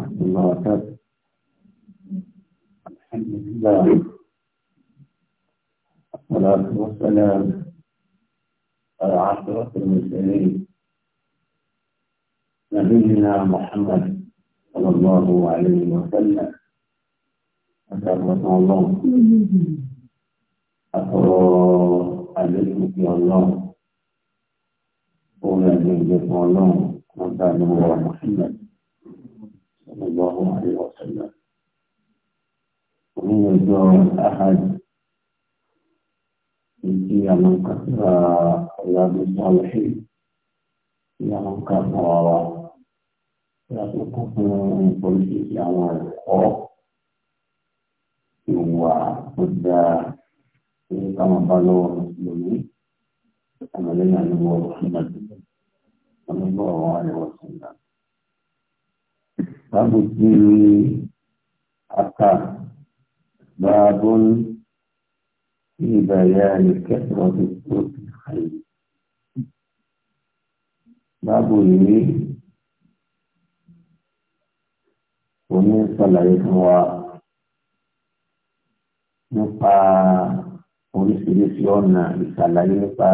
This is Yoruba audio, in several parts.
ورحمة الله وبركاته الحمد لله والصلاة والسلام على عشرة المسلمين نبينا محمد صلى الله عليه وسلم أكرمنا الله أكرم عليكم يا الله ومن يجب الله وكان هو محمد صلى الله عليه وسلم ومن الدور الأحد يجي من كثر أولاد الصالحين يا من كثر يطلقه من كل أعمال الخوف وقد كما قالوا المسلمين أملنا نبوة محمد صلى الله عليه وسلم sábùtì àkà báàbò ní ìbẹ̀rẹ̀ àyíkẹ́sọ̀rọ̀ tó tó ti àyè. Báàbò yìí oní ṣàlàyé fún wa nípa oríṣiríṣi ọ̀nà ìṣàlàyé nípa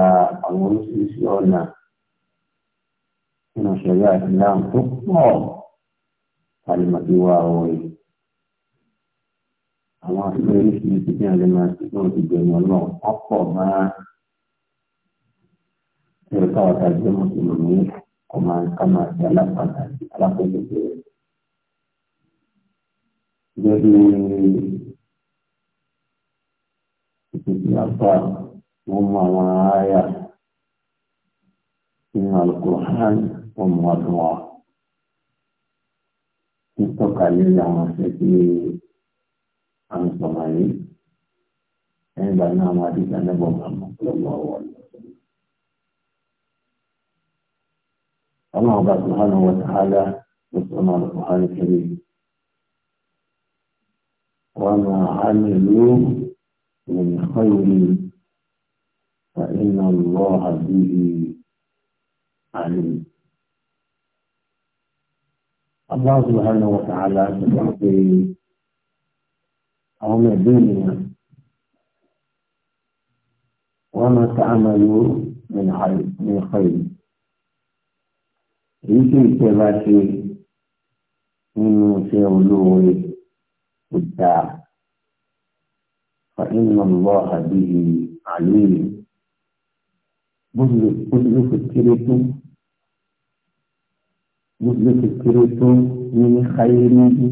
àwọn oríṣiríṣi ọ̀nà nínú ṣẹ̀rí àìsàn náà tó pọ̀ alùmọ̀dúwà ọ̀rẹ́ àwọn aṣọ oríṣiríṣi tí wọn lè máa ṣe náà ti gbẹ̀mí ọlọ́run ọ̀pọ̀ máa ẹ̀rọ káwọn tàbí mùsùlùmí kò máa ká máa ṣe alápàdà alápẹ̀lẹ̀pẹ̀ rẹ̀. Gẹ́gẹ́ ìpèsè àpá wọn mú àwọn aráyà nínú àlùkò hàn wọn mú àdúrà. títọ́ka lórí àwọn aṣẹ tí a ń sọ̀rọ̀ yìí lẹ́yìn ìgbà náà àwọn adíjà lẹ́bọ̀ màmá lọ́wọ́ ọ̀wọ́ الله سبحانه وتعالى يسأل القرآن الكريم وما عملوا من خير فإن الله به عليم Allah subhanahu wa ta'ala ti sọ pé àwọn ọmọ ẹ̀dẹ́ ènìyàn wọ́n máa ta àmàlú ní ọkọ̀ yìí. Èyí tí ìṣẹ́ bá ṣe nínú iṣẹ́ olóore kò dáa. فإن الله به عليم. بذل كل فكرة gbogbo ti kéré tó ní káyéríyí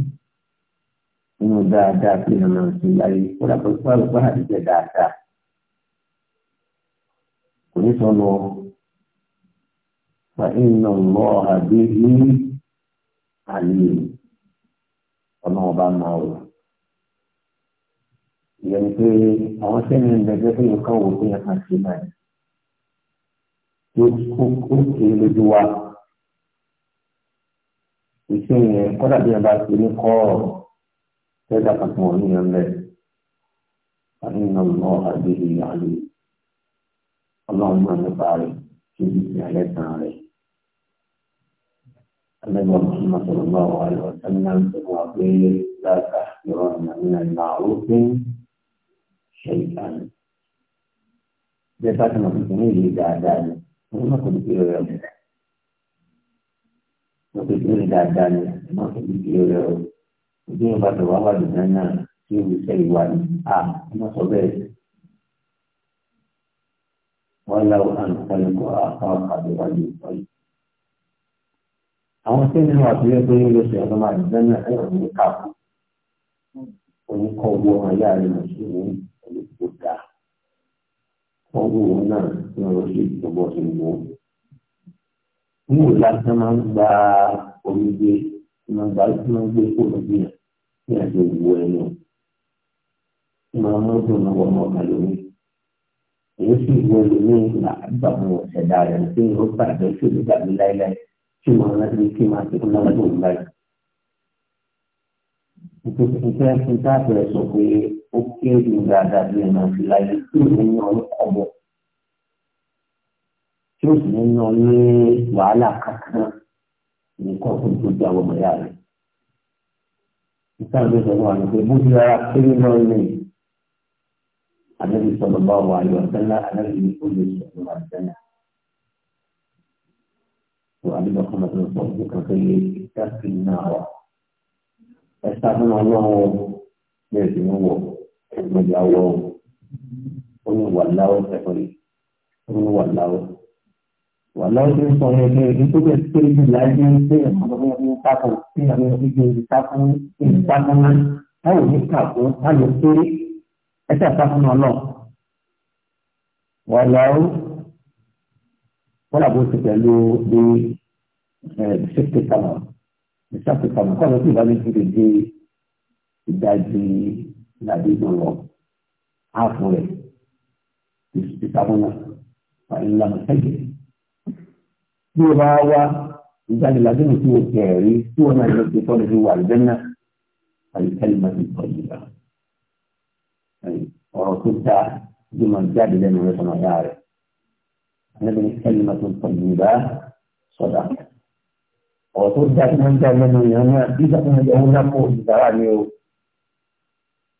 nínú dáadáa kí ni wọn ti láyé kódà pé kó àlùkò àdìjẹ dáadáa kò ní sọ lọ fa iná lọ àbí ní àlè ọlọ́wọ́ bá máa wò ìyẹn pé àwọn sẹ́ni ń bẹ̀rẹ̀ pé nǹkan wò ó yẹ ká ṣe báyìí tó kéré lójú wa ìṣe yẹn kọ́dà bí wọ́n bá ṣe ní kọ́ọ̀ tẹ́jà kankan wọ̀ ní yẹn lẹ̀ àníyàn lọ àdéhùn ìyáálé ọlọ́run náà nípa rẹ̀ ṣe bí ti alẹ́ tán rẹ̀. النبي محمد صلى الله عليه وسلم وقيل لا تحقرن من المعروف شيئا ده فاتنا في الجميل ده ده ما كنت wọ́n ti dúró dáadáa ni wọ́n ti di kiri rẹ̀ o ìdí yẹn bá tọ̀ wá wà náà tí o ṣe ìwà ni a wọ́n sọ bẹ́ẹ̀. wọ́n láwọ àǹfààní kọ́ àwọn àkàdé wà ní ìfọ̀ àwọn tí wọ́n wà tó yẹ yóò ṣe ọ̀dọ́ máa lùdá náà ẹ̀ ní káàkó. oníkọ́ owó ọmọ ìyá rẹ̀ sí ìwé olùkó dáa. wọ́n wù ú náà ní oṣù tó bọ́ sí ìwé wúwo lásán máa ń gba omi gbé máa ń gba máa ń gbé kó lọ bí yàn bí yàn ṣe wú ẹnu máa mú dùn wọ ọmọ ọmọ lómi èyí sì wú ẹlòmí àgbà mú ẹ̀dá rẹ̀ ní sẹ́yìn ó bàjẹ́ sí ìlú tàbí láéláé tí mo rántí ní kí n máa tẹ̀kọ́ náà lọ́dún báyìí. Ìfẹ́ fún táàbù ẹ̀ sọ pé ó kéré dáadáa bí ẹ máa fi láyé tí ìlú ní ọlọ́kọ̀ bọ̀ tí ó sì ní yan ní wàhálà kankan nǹkan fún tó di àwọn ọmọ ìyá rẹ̀. Ìsáàbí sọ̀rọ̀ wà ní pé bó ti rárá kéré náà ní àdébí sọ̀rọ̀ bá wà ní ọ̀sẹ́lá àdébí ní ó lè sọ̀rọ̀ wà sẹ́lá. Tó àdébí ọkọ̀ mọ̀tò sọ̀rọ̀ fún kankan yé ìdáàbí náà wà. Ẹ sáfún ọlọ́run bẹ́ẹ̀ sì ń wọ̀ ẹgbẹ̀dì àwọ̀ ó ní wà láwọ̀ sẹ́kọ̀rì ó ní wà láwọ̀ wà lọ́dún sọ yẹn pé èyí tó bẹ̀ pé ibi láyé pé ọmọdé ní sáfù tí àwọn ibi ìlú sáfù ìlú sáfù náà báwo ní kàkó báyọ̀ pé ẹsẹ̀ sáfù náà lọ. wà lọ́wọ́ wọ́n làbó ti pẹ̀lú bí ṣèpè kàmọ́ ṣèpè kàmọ́ kọ́ ló sì bá mi ti lè dé ìdajì ìdajì tó áàfù rẹ̀ ìsàfù náà sẹ́yìn tí o bá wá ìjáde ládùúgbò tí o kẹ̀rí tí o náà yóò ti tọ́lẹ̀ fi wà lẹ́nà àyíkẹ́lì máa ti tọ́jú bá. ọ̀rọ̀ tó dáa ló máa jáde lẹ́nu rẹ̀ sọ̀nà ọ̀yá rẹ̀. àlẹ́bìnrin kẹ́lì máa tó tọ́jú bá sọ̀dà. ọ̀rọ̀ tó dáa tó máa jáde lẹ́nu ìyàn náà ìjà tó máa jẹ́ òun náà kó ìdára ni o.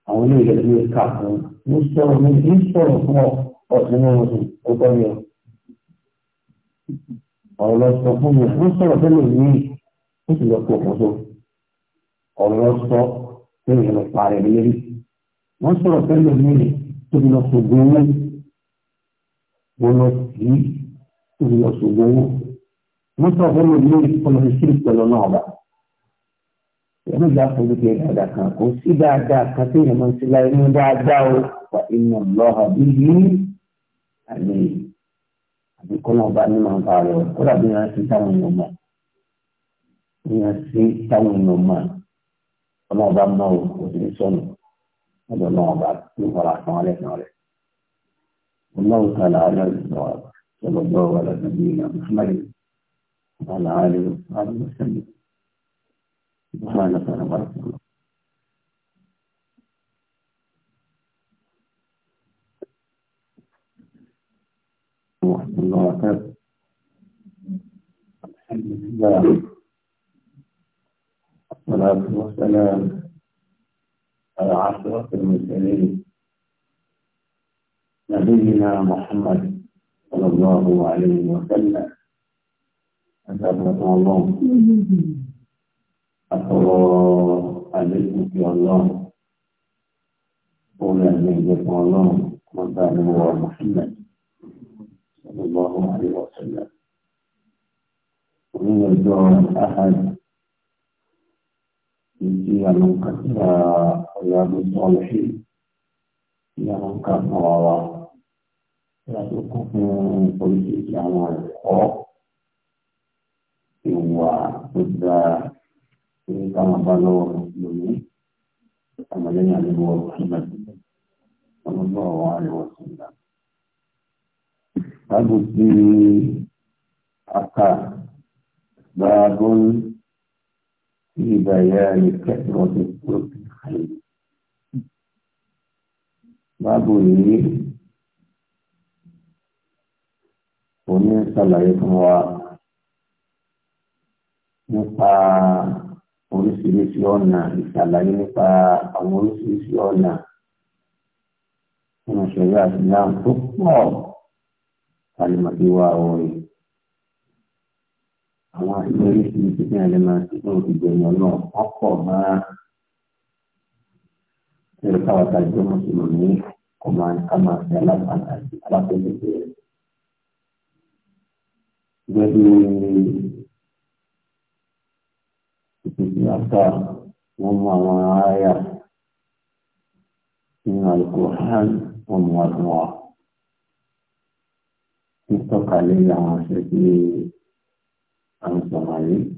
àwọn ilé ìgbẹ́lẹ́ yóò kà fún un ní sọ̀rọ̀ fún ọ ọ̀rọ̀ lọ sọ fún mi wọ́n sọ̀rọ̀ tẹ́lẹ̀ ní ó sì lọ kó òkòso ọ̀rọ̀ lọ sọ tẹ́lẹ̀ lọ parẹ́ lérí wọ́n sọ̀rọ̀ tẹ́lẹ̀ ní tóbi lọ sọ̀gbọ́n owó wọ́n lọ sí tóbi lọ sọ̀gbọ́n owó wọ́n sọ̀rọ̀ tẹ́lẹ̀ ní olórí sí ìpẹ̀lọ náà bá ẹni ìjà fojú kiri dáadáa kan kò sí dáadáa kan tí èèyàn máa ń ti láyé ní dáadáa o wà inú lọ́hà àbí kọ́ náà bá ní màá bá rẹ̀ kó dàbí yẹn sí táwọn èèyàn mọ̀ yẹn sí táwọn èèyàn mọ̀ ọlọ́run bá mọ̀ kò sí sọnù ọ̀dọ̀ náà bá ní ìfọ̀rọ̀ àtàwọn ẹlẹ́sìn rẹ̀ ọlọ́run kàlà alẹ́ وعلى نبينا محمد وعلى آله وصحبه وسلم سبحانك اللهم وبحمدك ورحمة الله وبركاته الحمد لله والصلاة والسلام على عشرة المرسلين نبينا محمد صلى الله عليه وسلم أسألك الله أسألك عليكم في الله قولا من الله وقال الله محمد صلى الله عليه وسلم ومن الدعاء الأحد يجي من قتل رياض الصالحين إلى من كفر الله لا تكون قلت على الحق هو ضد كما قالوا المسلمين كما لنا محمد صلى الله عليه وسلم kágùsí aka gbàgbọ́n sí ìbàyà ìkẹ́kọ̀ọ́ tó kúrò kàlẹ́. Báàbò yìí kò ní ṣàlàyé fún wa nípa oríṣiríṣi ọ̀nà ìṣàlàyé nípa àwọn oríṣiríṣi ọ̀nà ìrìnṣẹ̀lẹ̀ àti náà tó pọ̀ alùmọ̀déwà ọ̀rẹ́ àwọn àṣìṣe oríṣiríṣi ní àlẹ́mọ̀ àṣìṣe òkùnjẹ̀yìn ọlọ́run ọ̀pọ̀ máa ẹ̀rọ káwọn tàbí mùsùlùmí kò máa ń ká máa fi alábàáta sí alábẹ́lẹ́gbẹ́ rẹ̀. Gẹ́gẹ́ ìpèsè àtà wọ́n mú àwọn aráyà nínú àlùkò hàn wọ́n mú wa títọ́ka lórí àwọn aṣọ tí a ń sọ̀rọ̀ yìí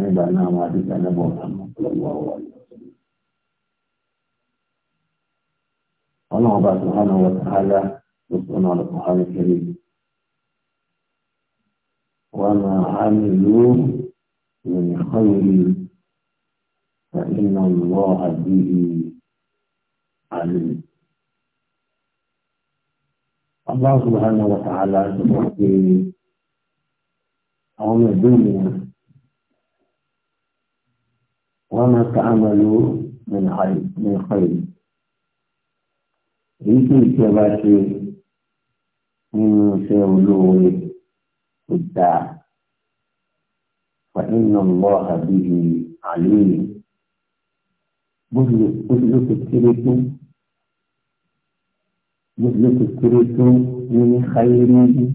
nígbà náà wọn adúgbò ẹlẹ́bọ̀ ọ̀làmọ́ pẹ̀lú ọwọ́ ọlọ́run bá sọ̀rọ̀ wọn tààlà ló sọ̀nà ọ̀làkùnrin kiri wọn máa há ní ìlú ìròyìn kọ́yìrì فإن الله به عليم Allah subhanahu wa ta'ala sọ fún pé àwọn ọmọ ẹgbẹ́ ènìyàn wọ́n máa ta àmàlú ní ọ̀pọ̀ èyí. Èyí tí ìṣẹ́ bá ṣe nínú iṣẹ́ olóore kò dáa. فإن الله به عليم. بذل بذل تكتيركم bó ti lè kékeré tó ní xayiri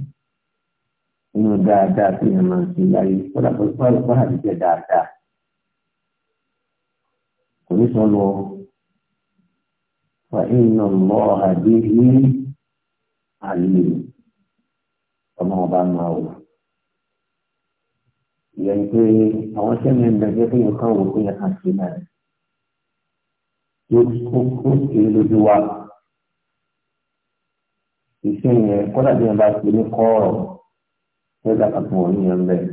inú dáadáa tó yẹn máa ń ṣe láyé kódà kó kódà kó hàn jẹ dáadáa kò ní sọ lọ fa iná lọ àdéhì àlè ọmọ ọba máa wò ìyẹn pé àwọn sẹ́mi ń bẹ̀rẹ̀ pé nǹkan wò ó yẹ ká ṣe náà yóò kó kó kéré lójú wa iṣẹ́ yẹn kọ́dà bí wọ́n bá ṣe ní kọ́ọ̀rọ̀ lọ́jà kankan wọ̀ níyẹn bẹ́ẹ̀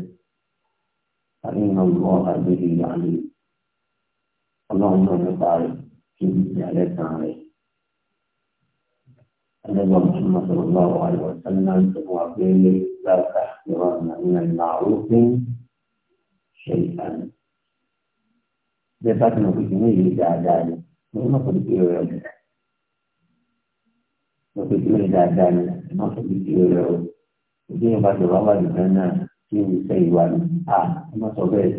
àní ìnà olùkọ́ àgbèrè ìyáálé ọlọ́run náà nípa rẹ̀ kí n ti alẹ́ tán rẹ̀. Adébọ̀ Mùsùlùmí sọ̀rọ̀ lọ́wọ́ àyọ̀ sẹ́lẹ̀ ń sọ̀rọ̀ wá pé láta ìwà ìrìnà ìlà òfin ṣe ìtàn. Bẹ́ẹ̀ bá ti mọ̀ pé kí ní ìlú dáadáa ni, mo ní mọ̀ pé kí ó rẹ̀ jù mo fi kúrò dáadáa ni má fi kí kúrò rẹ o ìdí yẹn bá ti wá wà nìkan náà kí n sẹ ìwà ni a ẹ má sọ bẹ́ẹ̀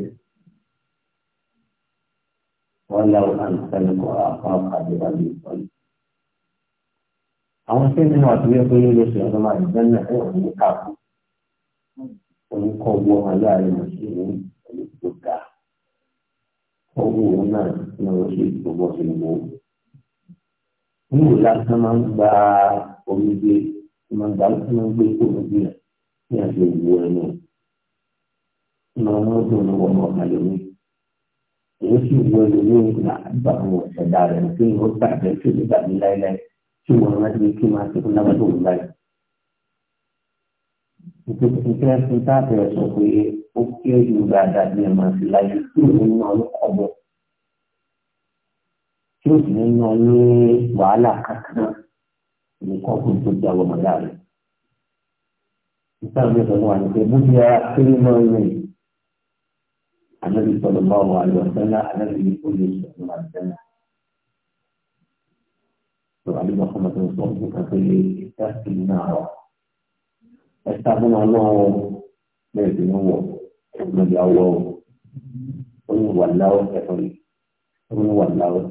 wọn lọ àǹfààní kọ àwọn àkàdé wà ní ìfọyín. àwọn tí nínú àtúnyẹ pé yóò lè sọ̀rọ̀ máa ní gánà ẹ ò ní káàkó oníkọ owó aláàrẹ mùsùlùmí ẹni ní wọn ṣe gbogbo ṣe níwò lásán máa ń gba omi gbé máa ń gba lásán máa ń gbé kó omi gbé ní àti òwò ẹnu máa ń mọ́tò ní wọn ọ̀kan lómi èyí sì wọ ẹlòmíì nígbà àgbà àwọn ọ̀sẹ̀dá rẹ̀ ní kí wọ́n gbà bẹ́ẹ̀ tó lè gbàgbé láéláé tí wọ́n rántí pé kí máa tẹ̀kún lábẹ́ tó ń báyìí. Ìpínlẹ̀ Fúntà bẹ̀rẹ̀ sọ pé ó kéré ju dáadáa bí ẹ máa fi láyé kúrò nínú ọlọ́kọ̀ọ́bọ̀ tí ó sì ní ná ní wàhálà kankan ní kọ́kùn tó di àwọn ọmọdé rẹ̀. ìsáàmì ìsọ̀rọ̀ wà ní pé bó ti ara kéré náà ń rìn ànábi sọ̀rọ̀ bá wà ní ọ̀sán náà ànábi ní kó lè sọ̀rọ̀ wà ní ọ̀sán náà. sọ̀rọ̀ àdúgbò kan tó ń sọ fún kan tó lè sí i náà rọ̀. ẹ sábúná náà bẹ́ẹ̀ sì ń wọ̀ ọ̀gbọ́n ìyá wọ̀ ó ní wà láwọ̀ ẹ̀fọ́ rí ó ní wà láwọ̀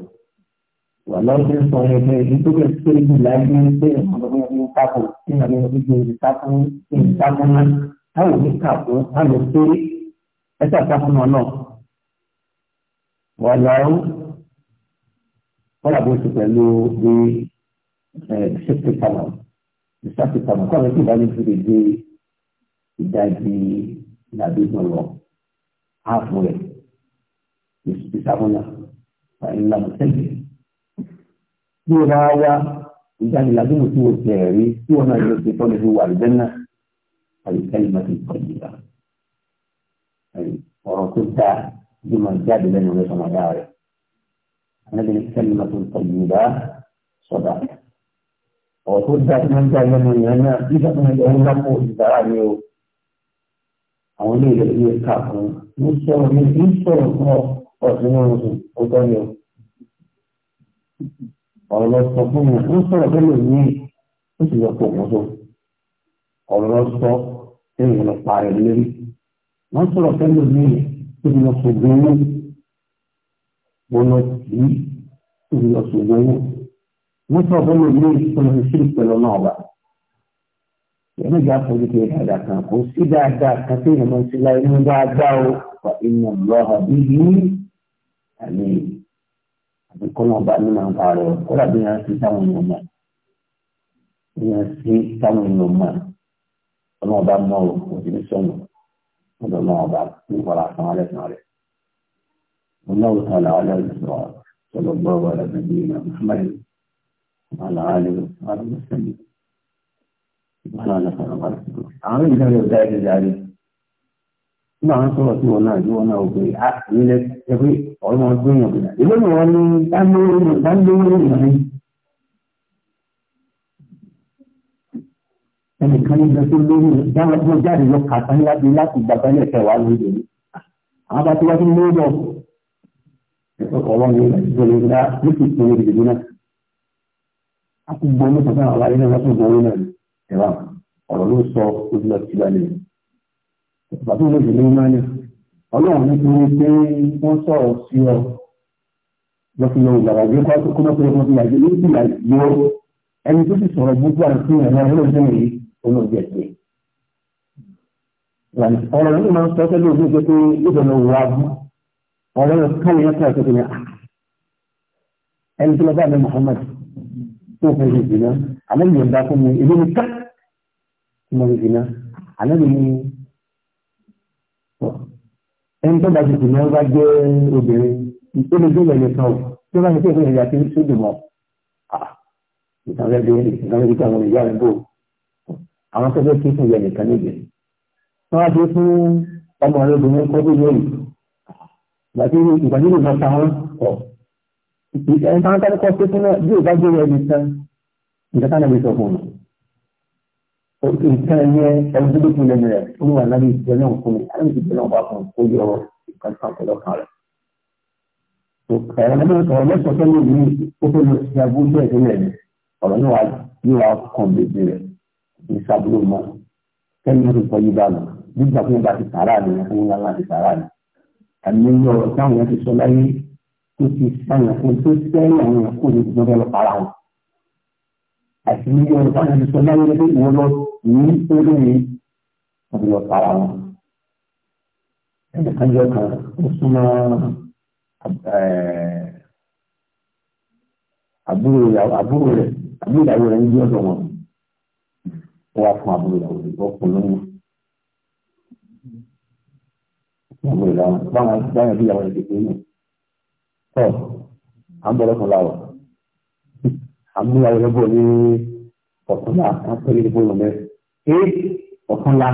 wàlọ́ọ̀dé sọ ẹgbẹ́ ìdókè kéjì láyé pé ìmọ̀lẹ́wé ní tako tí màá yọ gbígbé ìtakú ìtakú náà táwọn ní kàkó àlọ́ péré ẹ̀ṣẹ̀ àtakùn náà náà wàlọ́ọ̀ wọ́n àbò ti pẹ̀lú bí ṣètò kàmọ́ ìṣàkó kàmọ́ kọ́ àwọn tí ìbá ní fìdí dé ìdajì ìdàdúgbọ̀n lọ ààfọ̀ rẹ̀ ìṣàkó náà wà ní ìlànà tí ó máa wá ìjáde ládùúgbò tí ó tẹ̀ rí tí wọn náà yóò ṣe tọ́lẹ̀ fi wà lẹ́yìn náà àyíkáyí máa ti pọ̀ yìí náà ọ̀rọ̀ tó dáa bí máa jáde lẹ́nu rẹ̀ sọ̀rọ̀ yá rẹ̀ anábìrì kẹ́lí máa tó pọ̀ yìí náà ọ̀rọ̀ tó dáa tí máa jáde lẹ́nu rẹ̀ náà bí sọ̀rọ̀ yá rẹ̀ lápò ìdára rẹ̀ o àwọn ilé ìlẹ̀ yìí kà fún ní sọ̀rọ̀ ní sọ̀rọ̀ fún ọ̀sìn ní oṣù ó tọ́ ni ọ̀rọ̀ sọ fún mi ó sọ̀rọ̀ tẹ́lẹ̀ ní ó sì yọ kó òun tó ọ̀rọ̀ sọ tẹ́lẹ̀ lọ parí lérí wọ́n sọ̀rọ̀ tẹ́lẹ̀ ní ó sì lọ sọ̀gbọ́n owó wọn lọ sí ó sì lọ sọ̀gbọ́n owó wọ́n sọ̀rọ̀ tẹ́lẹ̀ ní ìṣòro ìṣirò pẹ̀lú náà wà. Ẹni ìjà fojú kiri dáadáa kan kò sí dáadáa kan tí ìrìnàmọ́ sí láì ní dáadáa o fa iná lọ́ha bíbí àlejò àbí kọ́nà ọba nínú àǹkà rẹ̀ kódà bí wọ́n ti táwọn èèyàn mọ̀ bí wọ́n ti táwọn èèyàn mọ̀ ọ̀nà ọba mọ̀ ò sí ní sọ̀nù ọ̀dọ̀ ọ̀nà ọba ní ìfọ̀rọ̀ àfọ̀n alẹ́ kan rẹ̀. والله تعالى على صلى الله على نبينا محمد وعلى آله وصحبه وسلم سبحانك اللهم وبحمدك عامل ذلك ذلك nígbà wọn sọ̀rọ̀ sí wọn náà sí wọn náà ò pé a ah, nílẹ̀ ẹ pé ọ̀rọ̀ wọn gbé wọn bìnà ìlú ni wọn ní dánilóyún dánilóyún ìmọ̀ ní. ẹnìkan ní bẹ́ẹ̀ tó lóyún dáwọn tó jáde lọ kàtà níwájú láti gbàgbá ilé ẹ̀fẹ́ wa lóde ní. àwọn bá ti wájú lóyún lọ ọ̀rọ̀ ni ìgbòho ńlá ló sì pé ìdìbò náà. a kò gbọ́ mọ́tò fún àwọn ayélujára tó gbọ́ owó náà ẹ̀rọ ọ̀rọ̀ ló sọ ojú lọ sí bàbá olóògbé ló máa ní ọlọ́run nítorí pé wọ́n sọ̀rọ̀ sí ọ lọ́kùnrin ìgbàgbé kọ́mọ́kùnrin ọmọ ti yàgbé lórí ìlà ìgbó ẹni tó sì sọ̀rọ̀ gbogbo àti ẹ̀rọ olóògbé yìí olóògbé ẹ̀sẹ̀. ọ̀rọ̀ yìí máa ń sọ sẹ́lẹ̀ òfin pé yóò lọ wọ abú ọ̀rọ̀ yẹn káwọn yẹn káwọn tuntun ẹni tó lọ bá mi Muhammad tó fẹ́ ṣe jìnnà àmọ́ ìyẹn bá fún mi èmi ni ká ẹni tó bá ti sì náà bá jẹ́ obìnrin tó lè gbé lẹ́yìn kan o tó bá ní pé ìpínlẹ̀ ìyá ti ń sódò mọ́ ìtànlẹ́bí ìtànlẹ́bí tí àwọn ìyá rẹ̀ bò àwọn tó fẹ́ kí ìyá nìkan níbi wọ́n á dé fún ọmọ rẹ̀ obìnrin kọ́ tó lórí ìgbàdí ìgbàdí lè máa ta wọn pọ̀ ẹni kọ́ sí náà bí ò bá nìkan nìkan táwọn sọ fún un nǹkan ẹ̀yẹ tó lẹ́nu rẹ̀ ó wà lábẹ́ ìjọ náà kún mi àlọ́ ìjọ náà wà fún un kó yọ nǹkan kan pẹ̀lú ọkàn rẹ̀. ẹ̀rọ náà sọ̀rọ̀ lọ́sọ̀ tó ní ìlú ó fẹ́ lọ sí abúlé ẹ̀ tẹ́lẹ̀ rẹ̀ ọ̀rọ̀ náà yóò wá kàn bèbè rẹ̀ ní sábúrò mọ́ kẹ́mi ló kọ́ yíba nù nígbà fún bá ti sàrà ni fún ńlá ńlá ti sàrà ni àmì ọ̀rọ̀ táwọn yẹn ti sọ láyé tó ti sáyẹn fún tó sẹ́yìn àwọn yẹn kó ní ìdúró lọ́pàá ara wọn àti ní táwọn yẹn ti sọ láyé pé ìwọ lọ́ọ́ nítorí wọn lọ wọn. ẹnìkan jọ kan ó súnmọ́ àbúrò rẹ̀ àbúrò ìyàwó rẹ̀ ń gbé ọ̀dọ̀ wọn ó wá fún àbúrò ìyàwó rẹ̀ ọkùnrin lóyún. àbúrò ìyàwó rẹ̀ báwọn báwọn ìyàwó rẹ̀ ti pé yìí. tọ́ à ń bọ̀ lọ́kàn pé ọ̀túnla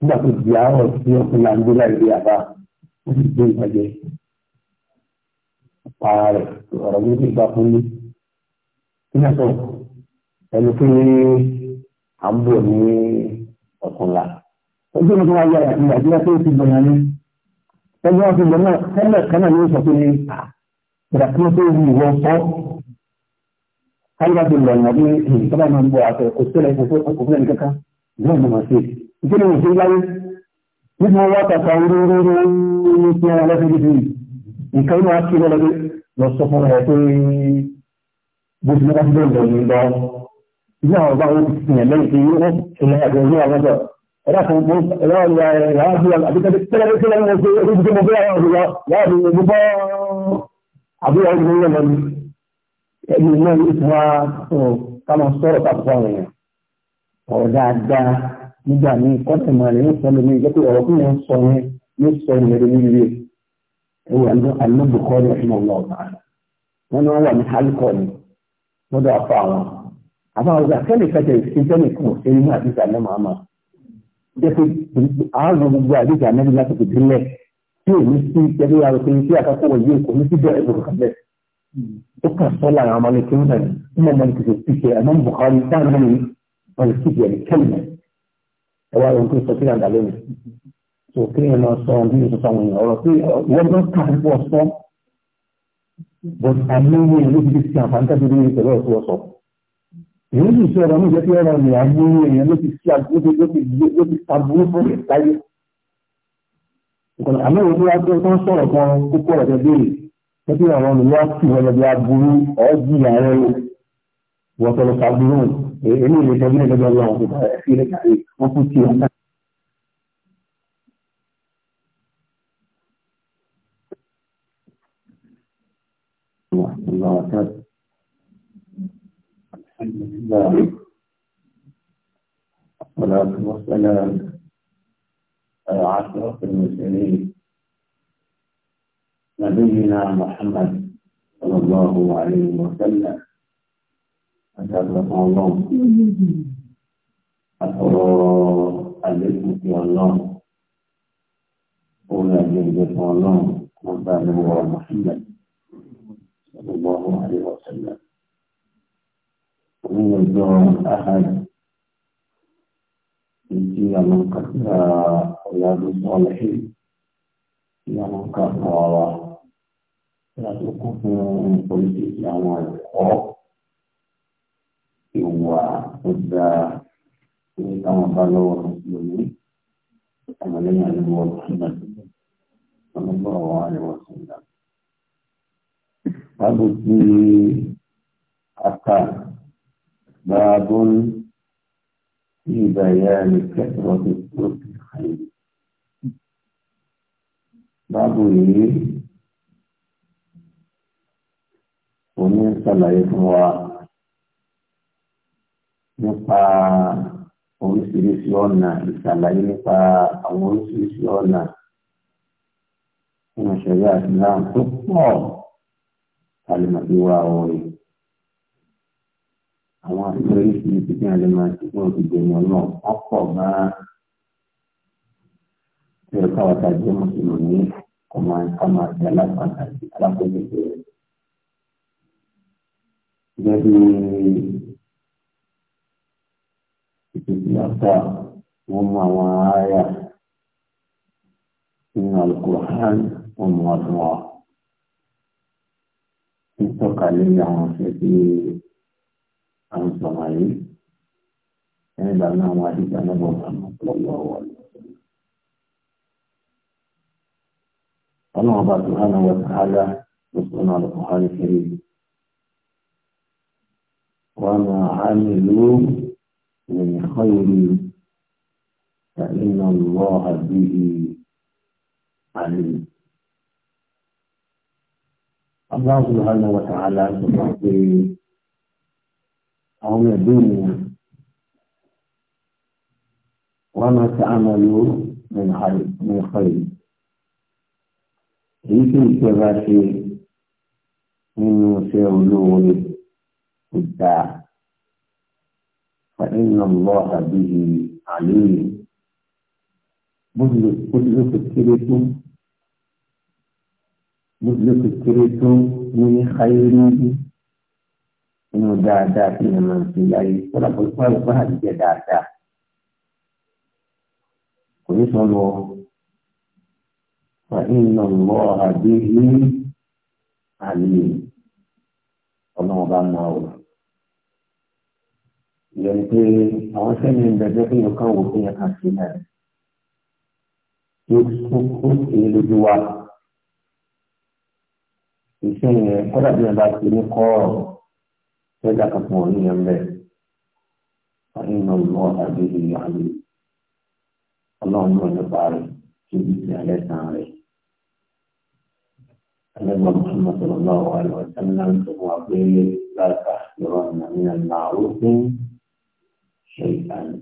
nígbà tó di àárọ̀ sí ọ̀túnla ń gbé láì rí àbá ó sì gbé ìbàjẹ́ para rẹ̀ ọ̀rọ̀ méjì gbà fún mi kí náà sọ ẹni pé à ń bọ̀ ní ọ̀túnla ojú mi tó wáyé àyà ìgbà tí wọ́n tó ti gbọ̀nà ní ẹgbẹ́ wọn ti gbọ̀nà tẹ́lẹ̀ kan náà ló sọ pé ní ìgbà tí káyọ̀ ti lọ ìyàwó èyí tó bá máa ń bọ̀ àtọ̀ kò sílẹ̀ kò sílẹ̀ kankan náà ni màá ṣe ìdílé mi ṣe láyé nígbà wọn wá tàkà orúurú ní tí wọn lọ́sẹ̀ níbi nǹkan inú àti ìrọ̀lẹ́ lọ sọ fún ẹ pé bó ti lọ́ka sílẹ̀ lọ yìí lọ ilé àwọn ọba wọn ti fi hàn lẹ́yìn tí wọ́n ti lọ àgbẹ̀ ní àwọn ọjọ́ ẹ̀dá kan mú ẹ̀dá ọ̀la ẹ̀dá ọ̀la àbíkẹ́lẹ́ tẹ́lẹ̀ tẹ́lẹ̀ wọn ṣe ojú tó mọ bí àwọn ọ̀la yàrá mi ò ní bọ́ àbí ọ̀la ìgbìmọ̀ ẹni náà ní ìtura káma sọ̀rọ̀ kápọ̀ àwọn èèyàn ọ̀rọ̀ dáadáa nígbà míì kọ́tà máa rẹ̀ ń sọ lómi ìjẹ́ pé ọ̀rọ̀ kúnyẹ̀ ń sọ yẹn ní sọ ìrẹ̀lẹ̀ nílé ẹ̀wọ̀ alóbùkọ́ ní ọ̀hún ọ̀la ọ̀la wọn ni wọ́n wà ní hálíkọ́ ni lọ́dọ̀ afọ àwọn àbá ọ̀gá kẹ́lẹ̀ kẹ́tẹ̀ ìṣẹ́jẹ́nì kan ò ṣe nínú àdìsá náà máa ma jẹ́ pé àárọ̀ gbogbo àdìsá náà ní lásìkò délẹ̀ dukkan sallah ya malaka yana ne ina malaka ke suke a nan bukari ta nan wani suke da kalma da wa yanku su kira da lemi so kí ni wọn sọ bí o sọ wọn ọ̀rọ̀ pé wọn bá kà ń bọ sọ but àmúwò ló fi fi àǹfààní tàbí lórí ìtẹ̀lẹ́ ọ̀tún ọ̀sọ̀ èyí sì sọ ọ̀rọ̀ ní ìjẹ́ pé ọ̀rọ̀ ni àmúwò èèyàn ló fi fi àgbóde ló fi àbúrú fún rẹ̀ láyé àmúwò tó wá tó sọ̀rọ̀ kan kókó ọ̀rọ̀ tẹ béèrè ففي أمام الله فيها لبلاد بلو أعجي لعنى وطل صعبون إني لجميع لبلاد الله وطل في لك عليك وطل في لك الله أكبر الحمد لله والصلاة والسلام على أشرف المرسلين نبينا محمد صلى الله عليه وسلم أتابعنا الله أترى الاسم في الله أولى جنجة الله مبانا ومحمد صلى الله عليه وسلم ومن الدور أحد يجي من قتل أولاد الصالحين إلى من قتل الله tíra tó kún fún oríṣiríṣi àwọn ẹ̀kọ́ ìwà tó dáa ní káwọn bá lọ́wọ́ mùsùlùmí ọmọlẹ́yìn àlùwọ̀ ọ̀sùnlẹ̀ ọlọ́gbọ́n àwọn àlùwọ̀ ọ̀sùnlẹ̀. Báàbò tí a kà báàbò tí ìbàyà ní kẹ́kọ̀ọ́ tó tó ti kàn yìí. Báàbò yìí òní ń ṣàlàyé fún wa nípa oríṣiríṣi ọ̀nà ìṣàlàyé nípa àwọn oríṣiríṣi ọ̀nà nínú ìṣẹ̀lẹ̀ àtìláàmù tó pọ̀ kálímàbí wa ọ̀rẹ́ àwọn àṣírí oríṣiríṣi tí a lè máa ṣe fún ìgbìmọ̀ náà wọ́n pọ̀ tí ẹ̀ka ọ̀tá jẹ́ mùsùlùmí kò máa máa ṣe alápàtàkì alápẹ̀lẹ̀ bẹ̀rẹ̀ gẹ́gẹ́ ìtòsí àtà wọ́n mú àwọn ààyà nínú alukur'an wọ́n mú wọn fún wa títọ́ka lórí àwọn ọ̀sẹ̀ tí a ń sọ̀rọ̀ yìí ẹni bá àwọn àdìgbà náà bọ̀ wọn lọ́wọ́ ọlọ́run bá tó hánà wọ́n sàálà ló sọ̀rọ̀ alukur'an kiri yìí. وما عملوا من خير فإن الله به عليم الله سبحانه وتعالى في أو الدنيا وما تعملوا من خير من خير هي إيه في من إيه؟ ولوه الداع فإن الله به عليم منذ كل فكركم منذ فكركم من خير إنه دادا في من في أي ولا بقول بها دادا ويصلوا فإن الله به عليم اللهم بارك ìyẹn ni pé àwọn sẹ́ni ń bẹ̀rẹ̀ fún yẹn kan wò fún yẹn kan sí náà yóò محمد صلى الله عليه وسلم هو لا تحقرن من المعروف ṣe ìtàní.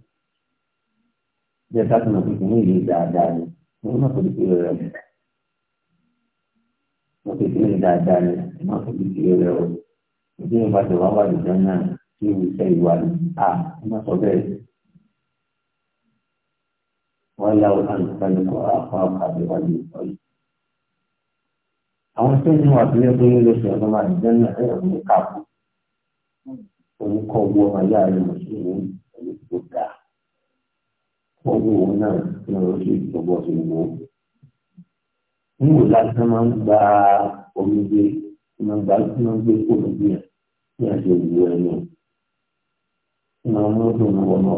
Jẹ́ káàtì náà tuntun ní ìlú dáadáa ni, wọ́n náà kò dìbò rẹ̀ o. Wọ́n ti fi ní dáadáa ni, wọ́n náà kò dìbò rẹ̀ o. Ìdí ìwà tó wá wà lùdọ́ náà kí ìwé iṣẹ́ ìwà ni, à wọ́n náà sọ bẹ́ẹ̀. Wọ́n yá wọn láti sáré kọ́ àpá àbí wọ́n lè sọ yìí. Àwọn tó ní wà tó yẹ kó yẹ lọ sí ọ̀dọ́ máa dìjọ́ náà ẹ̀rọ ní káàkó. Oníkọ̀ọ́gbọ́ ọmọ ìyá rẹ̀ mọ̀ sí ìwé ẹni tó ga owó òun náà ní orí ìjọba ti wò níwò lásán máa ń gba omijé máa ń gba máa ń gbé ní àti máa mú wọ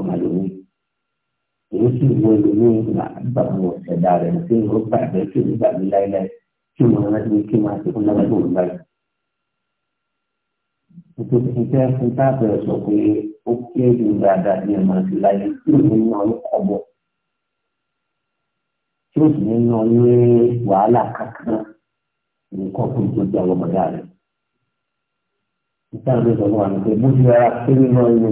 èyí sì wọ ìgbà àgbà wọn kí gbàgbé láéláé kí kí fún òun báyìí. nítorí iṣẹ́ fún táàbù ẹ̀ sọ pé ó kéèrè dáadáa ní ẹ̀mọ́ àti láyé tí ò ní ná ọ kọ̀bọ̀ tí ò sì ní ná ọ ní wàhálà kankan nǹkan tó tó di àwọn ọmọdé rẹ̀. Ìtàn àbẹ̀sọ̀ náà wà ní pé bó ti rárá kéré náà ní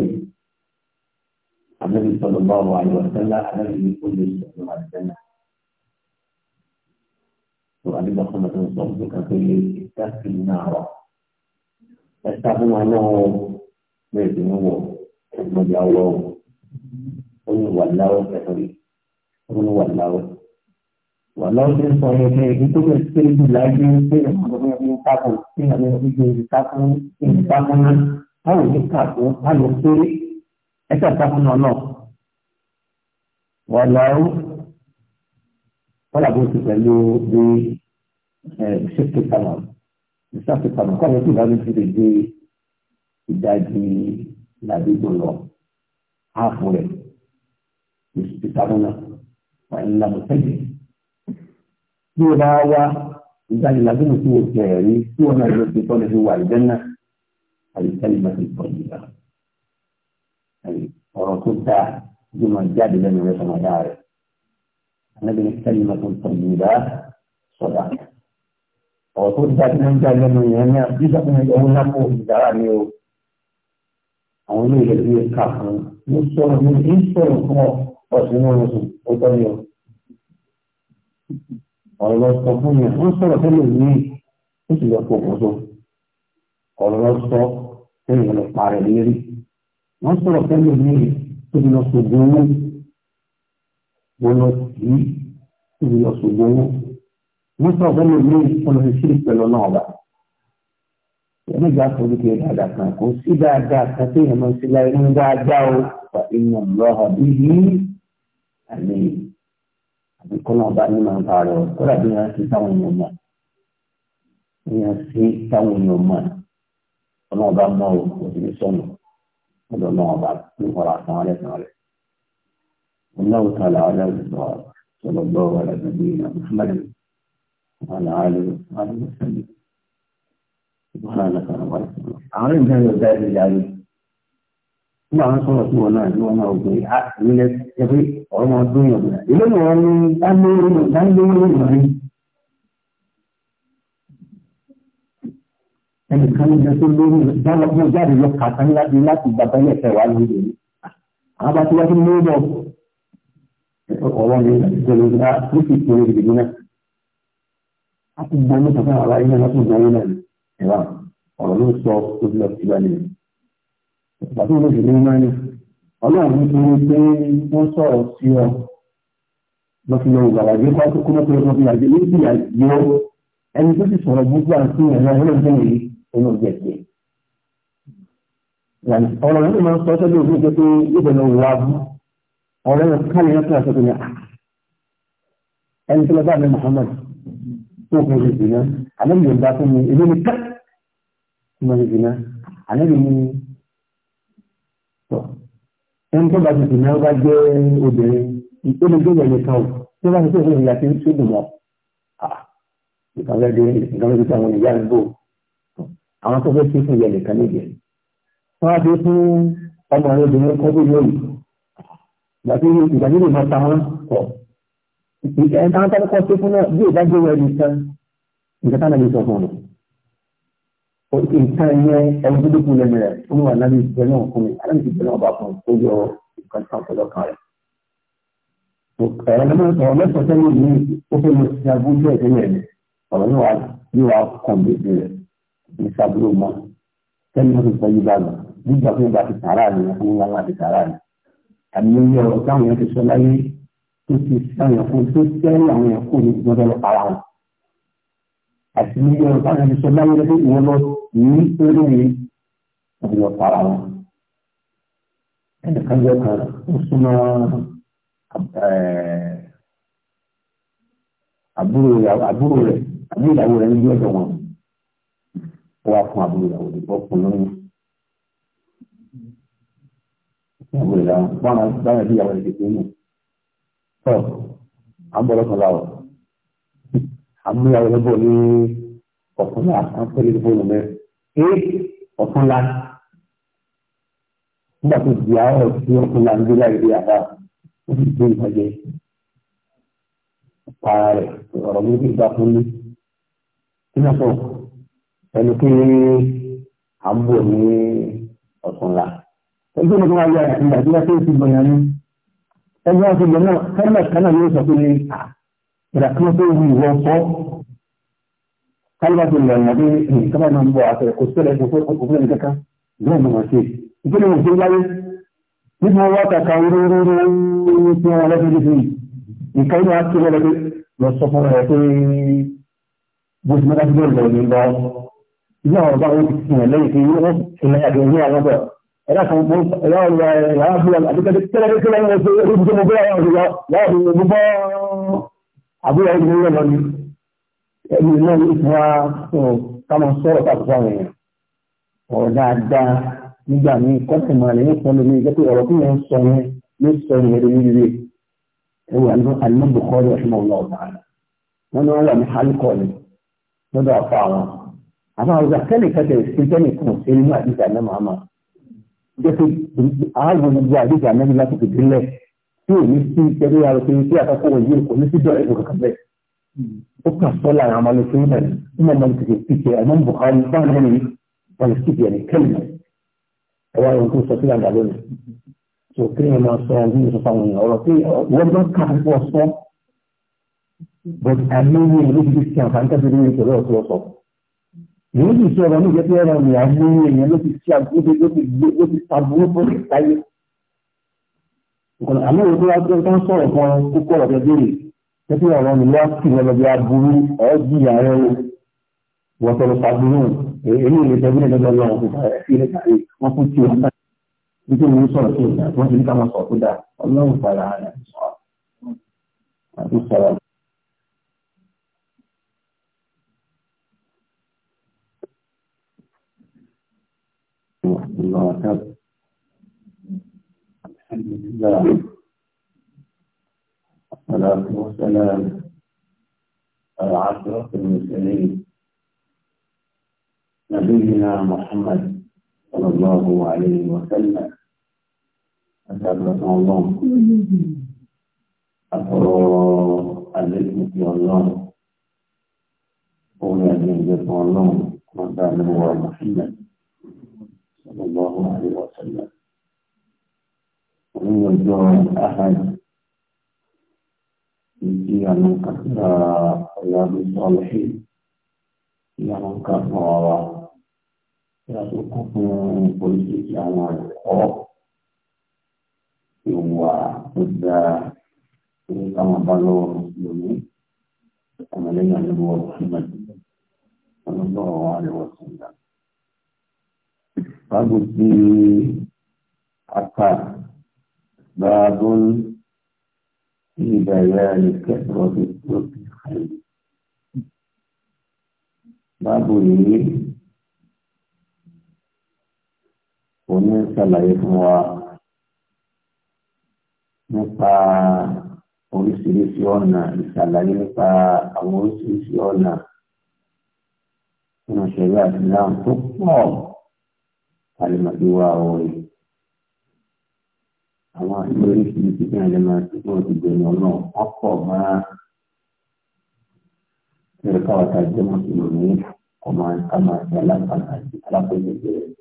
àbẹ̀bí sọ̀rọ̀ bá wà ní ọ̀sẹ́lá àbẹ̀bí ní kó lè sọ̀rọ̀ wà lẹ́nà. Tó àdébàkọ́ mọ̀tò sọ̀rọ̀ kan pé ìtàkì náà rọ̀ ẹ̀ka fún wa náà wọ́n mi ò dùn wọ̀ mo jà wọ́ ó ní wà láwọ́ pẹ̀lú ó ní wà láwọ́ wà láwọ́ tó ń sọ yẹn pé ètò ìgbà kéré jù láyé pé ọmọdé ń takùn sí àwọn ìgbà ìtakùn ìtakùn náà báwo ni kàkún báwo kéré ẹ̀ka takùn náà náà wà láwọ́ wọ́n làbó ti pẹ̀lú bí ṣé kéka náà ìṣàkóso àbùkù àwọn tó bá ló ti lè dé ìdajì làdúgbò lọ áàfù rẹ̀ ìṣàkóso wà ní ìlànà tẹ́lẹ̀. Bí o bá wá ìdajì làdúgbò tí o tẹ̀ rí tí o náà lọ sí tọ́lẹ̀ fi wà ìdẹ́nà àyíkálẹ̀ máa ti pọ̀ nígbà. Ọ̀rọ̀ tó dáa ló máa jáde lẹ́nu rẹ̀ sọ̀rọ̀ dáa rẹ̀. Anábìrin kálí máa tó ń pọ̀ nígbà sọ̀rọ̀ àná ọ̀rọ̀ tó dá tí wọ́n ń dá lẹ́nu yẹn ní àbíjà fún ọ̀hún lápò ìdára ni o àwọn ilé ìlẹ̀ bí ká fún un sọ̀rọ̀ ní ní sọ̀rọ̀ fún ọ̀sìn ní oṣù ó tọ́ ni o ọ̀rọ̀ lọ sọ fún yẹn wọ́n sọ̀rọ̀ tẹ́lẹ̀ ní ó sì lọ pokùn so ọ̀rọ̀ lọ sọ tẹ́lẹ̀ lọ parẹ́ lérí wọ́n sọ̀rọ̀ tẹ́lẹ̀ ní ó ti lọ sọ̀gbọ́n owó lọ sí ó ti lọ sọ̀gbọ́n owó. mọ́tò ọ̀gbọ́n mi ní olùsírí pẹ̀lú náà bá onígbà forí kiri dáadáa kan kò sí dáadáa kan tó yẹ mọ́ sí láyé ní dáadáa o wà ìyẹn lọ́hà bíi àmì àbíkọ́nà ọba ní màá bá rẹ̀ kódà bí wọ́n ti táwọn èèyàn mọ̀ èèyàn sí táwọn èèyàn mọ̀ ọ̀nà ọba mọ̀ o kò sí sọ̀nù ọ̀dọ̀ náà ọba ní ọ̀rọ̀ àtàwọn ẹ̀sán rẹ̀ ọ̀nà òtàlà ọ̀dọ̀ ìgbà sọ̀rọ̀ gbọ́ ọ̀rọ̀ ẹ̀sán bíi وعلى آله وصحبه وسلم سبحانك رب العالمين àwọn nǹkan yóò dá ìdílé ayé nígbà wọn sọ̀rọ̀ sí wọn náà ní wọn náà gbé a ìlẹ ẹ pé ọ̀rọ̀ máa dún yàn bùnà ìlú ni wọn ní dánilóyún dánilóyún lóyún rí ẹnìkan ní ẹjọ́ tó lóyún dánilóyún jáde lọ kàtà láti láti gbàgbá ilé ẹsẹ̀ wà lóyún rẹ àwọn bá ti wá sí mú bọ ọ̀rọ̀ mi ìjọba ó sì kéré ìdìbò náà àti gbọ́nú kankan àrà iná lọ́kùn ìgbàlẹ́ náà ìwà ọ̀rọ̀ ló sọ tó lọ sí ìgbàlẹ́ rẹ̀. Bàbá òun òṣèlú ni ọlọ́run ní kí wọ́n pé wọ́n sọ̀rọ̀ sí ọ lọ́fílẹ̀ ògbàlàjé kọ́kọ́ kó mọ́tò lọ́fílẹ̀ ògbàlàjé ló sì yà yọ ẹni tó sì sọ̀rọ̀ gbogbo àti ìrìnà ọlọ́dún yìí ọ̀nà ọ̀gbẹ̀ tiẹ̀. ọ̀rọ̀ yẹn máa ń sọ sọ́dọ̀ òfin pé yóò bẹ̀rẹ̀ wá bú ọ̀rọ̀ yẹn kálí yẹn ẹni tó lọ bá mi Muhammad tó fún ṣe jìnnà àlẹ́bí yóò dá fún mi èmi ní ká tí mo ṣe jìnnà àlẹ́bí mi ní tọ̀ ẹni tó bá ṣe jìnnà ó bá jẹ́ obìnrin ìpélégbé yẹn lè kàn ó tó bá ṣe tó fún ìyá tí ó dùn mọ́ ìkànlẹ́dẹ́ ìkànlẹ́dẹ́ tí àwọn ìyá ń bò àwọn tó fẹ́ ṣe fún ìyá lè kàn wọ́n á dé fún ọmọ rẹ̀ obìnrin kọ́ bí yóò yìí ìgbà tí ìgbà tí ìgbà tí àwọn tọ́lọ́ kọ́ sí fún náà bí ìdájọ́ rẹ̀ nìkan nǹkan táwọn ẹni sọ fún ọ nǹkan yẹn ẹni tó dókun lẹ́nu rẹ̀ fún wa lábẹ́ ìgbẹ́ náà fún mi alámi ti gbẹ́ náà bá fún ó yọ nǹkan tó àpẹẹrẹ ọkàn rẹ̀. ọ̀rọ̀ mẹ́sàn-án sẹ́yìn ní ó fẹ́ lọ sí abúlé ni ọ̀rọ̀ náà yóò wá kàn bèbè rẹ̀ ní sábúrò mọ́ sẹ́yìn náà tak sọ yí báyìí nígbà tó ń bá ti ni wọ́n fún wọn ni tó ti sáyẹn fún tó sẹ́yìn àwọn ẹ̀kọ́ ní ìjọba lọ para wọn. àti ní yọrọ bá yẹn sọ láyé lọ́dún ìwọ lọ ní eré ìjọba lọ para wọn. ẹnìkan yọ kan ó súnmọ́ eh, àbúrò rẹ̀ àbúrò ìyàwó rẹ̀ níbi ọ̀dọ̀ wọn. ó wá fún àbúrò ìyàwó rẹ̀ ọkùnrin lóyún. ìyàwó rẹ̀ báwọn báwọn bí ìyàwó rẹ̀ ti pé tọ́ à ń bọ̀ lọ́kàn láwọ̀ àmúyàwó lọ́bọ̀ ní ọ̀túnla à ń pẹ́ lórí fóònù mẹ́ é ọ̀túnla nígbà tó di àárọ̀ tí ọ̀túnla ń gbé láì dé àbá ó sì gbé ìbàjẹ́ para rẹ̀ ọ̀rọ̀ mi ti gbà fún mi kí náà ẹni pé à ní ọ̀túnla ẹgbẹ́ mi tó wáyé àti ìgbà tí wọ́n ti fi gbọ̀nyàn ní ẹgbẹ́ wọn ti lọ náà kẹ́lẹ̀ kẹ́lẹ̀ yóò sọ pé ní ìrà kí wọ́n tó wù wọ́n fọ́ kálíwá ti lọ ìrìnàjò ìkàbà náà ń bọ̀ àtẹ̀rẹ̀ kò sílẹ̀ kò fún òkúlẹ̀ nìkankan bẹ́ẹ̀ ni wọ́n ṣe ìpínlẹ̀ wọn ṣe láyé nípa wọn wáta ka rúrúrú tí wọn lọ́dún níbi nǹkan inú àti wọn lọ́dún lọ sọ fún ẹ pé bó ti mẹ́ta ti bẹ́ẹ̀ lọ ní lọ ilé àwọn wọn ti sìn lẹ́yìn tí wọ́n ti lẹ́yìn ẹ̀dákan ẹ̀dáwọ̀lẹ̀ ìhàáfíà àdíkẹ́dẹ́ tẹ́lẹ̀ tẹ́lẹ̀ ní ẹni náà ní wọ́n sọ yẹn ló sọ wọn ṣe nínú àdìsá náà máa máa jẹ́pẹ́ ààbò gbogbo àdéhùn ànábi láti tètè lẹ̀ tí ò ní sí ìtẹ́lẹ̀ ara pé tí àkọ́kọ́ wọ̀nyí kò ní sí dọ̀rẹ́ ìbò kankan bẹ́ẹ̀. ó kà sọ́ lára àwọn ọmọ ìfẹ́ náà ní ọmọ ìfẹ́ tètè pìkẹ́ àmọ́ Buhari bá wọn ní wọn sì pìkẹ́ ní kẹ́lẹ̀ ẹ̀wá ohun tó sọ sí àgbà lónìí. tó kéèyàn máa sọ ohun tó sọ fáwọn èèyàn ọ̀rọ̀ pé wọ́n bá kà èyí sì ṣe ọ̀rọ̀ níjẹ́ pé ẹ̀rọ ìyá ní èèyàn ló ti ṣe àgbóde ló ti gbé ló ti taburú fún ìtayé. àmọ́ ìwé tó wá tó ń sọ̀rọ̀ fún kókó ọ̀rọ̀ tẹ béèrè tẹ́tí ọ̀rọ̀ mi wá sí ìrọ̀lọ́ bí aburú ọ̀ọ́dì ààrẹ o wọ́n sọ̀rọ̀ taburú èyí ìwé tẹ́gbẹ́ ìdájọ́ lọ́wọ́ fún ẹ̀fí ilé kàrí wọ́n fún tí wọ́n nígbà wọn sọ̀rọ̀ tó dà wọ́n ti ní ká máa sọ̀rọ̀ tó dà ọlọ́run fara àti sọ̀rọ̀ عليكم ورحمة الله وبركاته الحمد لله والصلاة والسلام على عشرة المرسلين نبينا محمد صلى الله عليه وسلم أسأل الله أفرو عليكم في الله قولي أن الله محمد sallallahu alaihi wasallam ní ọjọ́ ahad ìdí àwọn kàkà ọ̀làbí sọ́ọ̀lẹ́hì tí àwọn kàkà ọ̀wà tí a tó kún fún oríṣiríṣi àwọn ẹ̀kọ́ ìwà tó dáa tí táwọn bá lọ́wọ́ mùsùlùmí ọmọlẹ́yìn Babu ti akar. Babun fi bayani kẹ́kọ̀ọ́ tó tó ti hàn. Babu yìí òní ṣàlàyé fún wa nípa oríṣiríṣi ọ̀nà ìṣàlàyé nípa àwọn oríṣiríṣi ọ̀nà nínú àti láwọn tó pọ̀ alùmọ̀dúwà orin àwọn àti oríṣiríṣi ní àlẹ́mọ̀ tí wọ́n ti gbẹ̀yìn ọlọ́run wọ́n pọ̀ máa ẹ̀rọ káwọn ta jẹ́ mùsùlùmí kọ́ máa ká máa ṣe aláǹfààní àti alákòóso rẹ̀.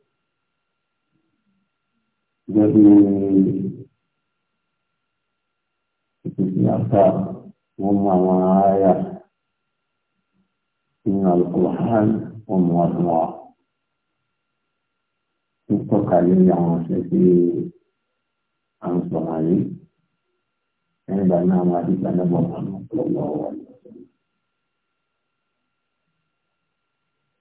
Gẹ́gẹ́ ìpèsè àbá wọ́n mú àwọn ará nínú àlùkò hàn wọ́n mú wọn mú kà lórí àwọn ọ̀sẹ̀ tí a ń sọ̀rọ̀ yìí nígbà náà máa di gbanábọ̀ àwọn ọ̀pọ̀lọpọ̀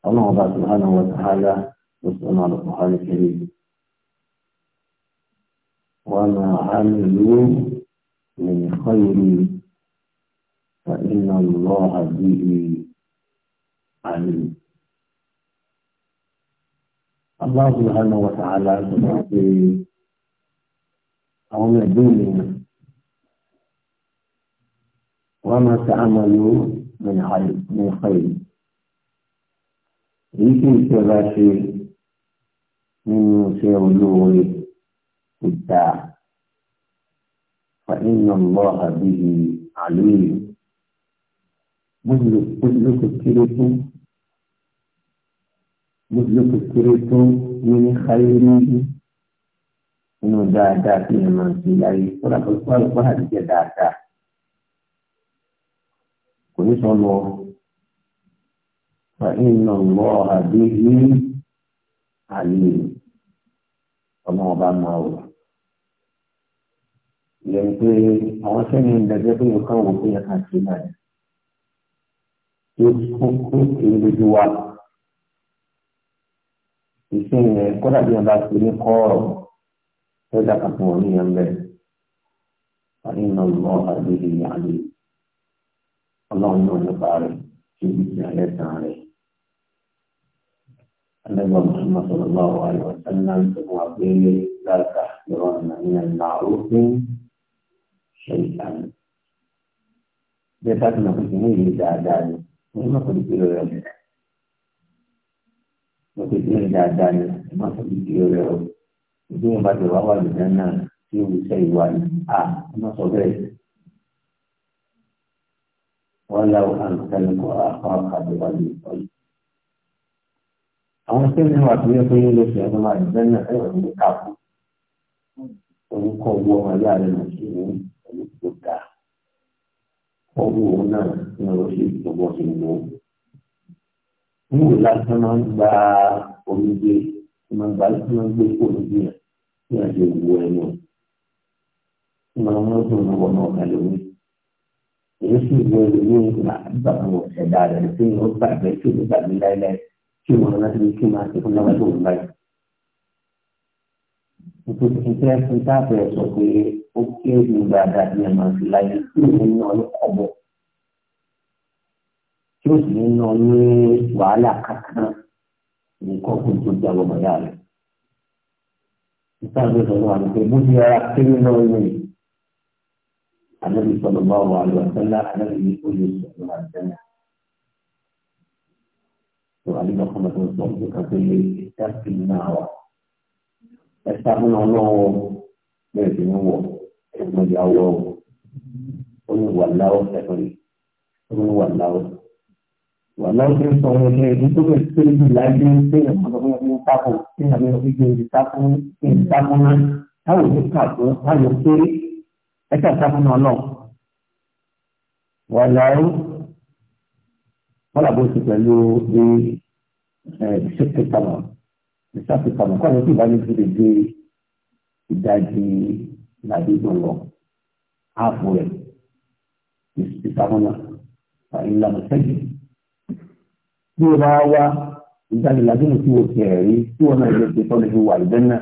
الله سبحانه وتعالى وسلم على القرآن الكريم وما عملوا من خير فإن الله به عليم الله سبحانه وتعالى أو يدوني وما تعملوا من خير من خير يمكن تباشي من سيولوه الداع فإن الله به عليم منذ كل كتيرة bó ti lóko kéré tó ní ní káyéríyí nínú dáadáa tí ẹ máa ti láyé kódà pé kó àlùkò àti jẹ dáadáa kò ní sọ lọ fa iná lọ àbí ní àlè ọlọ́wọ́n bá máa wò ìyẹn pé àwọn sẹ́ni ìdájọ́ tó yẹ káwọn òfin yẹn kà sí náà yóò kó kó èyí lójú wa. kódà bí wọn bá ti ní kọ́ọ̀rọ̀ tó dàgbà fún wọn níyàn bẹ́ẹ̀ àyìnbó lọ àgbègbè àlè ọlọ́run náà nípa rẹ̀ ṣe bí ti alẹ́ tán rẹ̀. النبي محمد صلى الله عليه وسلم وقيل لا تحقرن من المعروف شيئا bẹ́ẹ̀ bá ti mọ̀ pé kìíní yìí dáadáa ni wọ́n mọ̀ pé kìíní rẹ̀ mọ̀ pé kìíní dáadáa ni má sọ bí kiri rẹ o ìdí yẹn bá ti wá wà lónìí náà tí o ṣe ìwà ni a má sọ bẹ́ẹ̀. wọ́n láwọ àǹtẹ̀lẹ̀ kọ́ àpá àkàdé wà ní ìtọ́jú. àwọn tí wọ́n wà tó yẹ pé yóò lè fi ẹ̀rọ máa dẹ́ náà ẹ̀rọ ní káàkó. orúkọ owó ọmọ ìyá rẹ̀ lọ sí ìwé ìlú tó dáa. òun náà ni ó ṣe ìjọba ọ̀sẹ̀ ìlú wúwo lásán máa ń gba omi gbé máa ń gba lásán máa ń gbé kó omi gbé yàn kí wọ́n ṣe wú ẹnu máa ń dùn lọ́wọ́ náà kalẹ̀ omi èyí sì wọ ẹlòmíì nígbà tó wọ ẹ̀dá rẹ̀ tí wọ́n bàjẹ́ tí wọ́n bàjẹ́ láéláé tí wọ́n rántí kí wọ́n máa ṣe fún lọ́wọ́ tó wọ́n báyìí nítorí ìfẹ́ fún táàbù ẹ̀ sọ pé ó kéré ní dáadáa ní ẹ̀ máa fi láyé tí òun náà ló kọ́ bọ̀ tí ó sì ń nà ní wàhálà kankan nǹkan kó tó di àwọn ọmọ yàrá rẹ̀. Ìtàn ìgbésọ̀ náà ni pé bó ti ara kéré náà ń rìn. Ànábi sọ̀rọ̀ bá wà lọ sẹ́lá ànábi ní ó lè sọ̀rọ̀ àjẹ́nà. Sọ̀rọ̀ àdìgbà kan bá tó ń tó lé ìta sí náà wà. Ẹ sábà náà bẹ́ẹ̀ sì ń wọ̀ ẹ̀gbọ́n ìyá wọ̀ ó ní wà láwọ̀ sẹ́kọ̀rì ó ní wà láwọ̀ sẹ́kọ̀rì wà lọ́dún sọ wọn ní ẹni tó bẹ̀ tó lójú láyé pé ọ̀pọ̀lọpọ̀ ọmọ táàbù tí àmì ìgbé ìtàkùn ìtàkùn náà ẹ̀ka ìtàkùn náà náà wà láyé wọ́n àbò sí pẹ̀lú bí ìṣèkè kàmọ́ ìṣàkè kàmọ́ kọ́ ni kí ìbáyé ti lè ìdajì làdúgbò lọ áàfù rẹ̀ ìtàkùn náà ìlànà sẹ́yìn bí o máa wá ìjáde làdúgbò tí o ti ẹ̀ rí tí wọn náà yẹ kí tọ́ lè fi wà lẹ́nà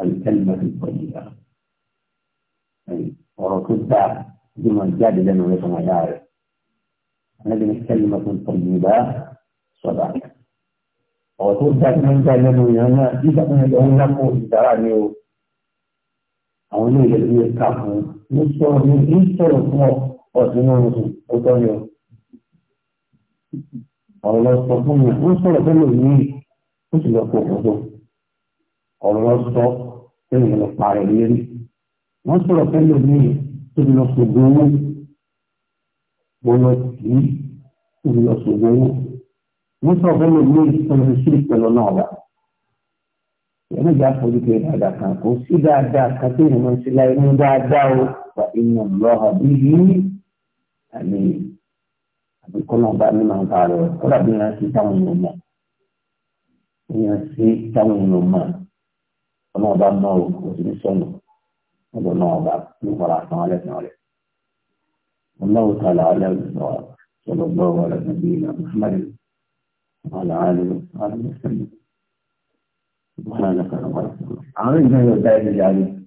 àlùkẹ́lì máa fi pọ̀ yìí rà ọ̀rọ̀ tó dáa bí wọn jáde lẹ́nu rẹ̀ fún ọ̀yá rẹ̀ alẹ́bìnrin kẹ́lì máa pọ̀ yìí rà sọ̀dà ọ̀rọ̀ tó dáa bí wọn jáde lẹ́nu rẹ̀ náà nígbà tó ń lápò ìdára ni o àwọn ilé ìlú yẹn ká fún ní sọ̀rọ̀ ní sọ̀rọ̀ fún ọ ọ̀rọ̀ lọ sọ fún mi ń sọ̀rọ̀ tó lè ní ó sì lọ fún òkòtò ọ̀rọ̀ lọ sọ lẹ́yìn lọ parẹ́ lérí wọ́n sọ̀rọ̀ tó lè ní ó sì lọ sọ̀gbọ́n owó mo wọ́n sọ̀rọ̀ tó ní ìṣòro sí ìpẹ̀lọ náà wà. Ìyẹn ìjà fojú kiri dáadáa kan kò sí dáadáa kan tó ìrìnà sí láì ní dáadáa o wà inú lọ́ha kọ́nà bá ní màá bá rẹ̀ kọ́nà bí wọ́n ṣe táwọn èèyàn mọ̀ bí wọ́n ṣe táwọn èèyàn mọ̀ ọlọ́run bá mọ̀ o kò sí ní sọ̀nù ọ̀dọ̀ náà ọba ní ìfọ̀rọ̀ àtàwọn ẹlẹ́sìn rẹ̀ ọlọ́run tààlà ọlẹ́sìn صلى الله على نبينا محمد وعلى آله وصحبه وسلم سبحانك اللهم وبحمدك أشهد أن لا إله إلا أنت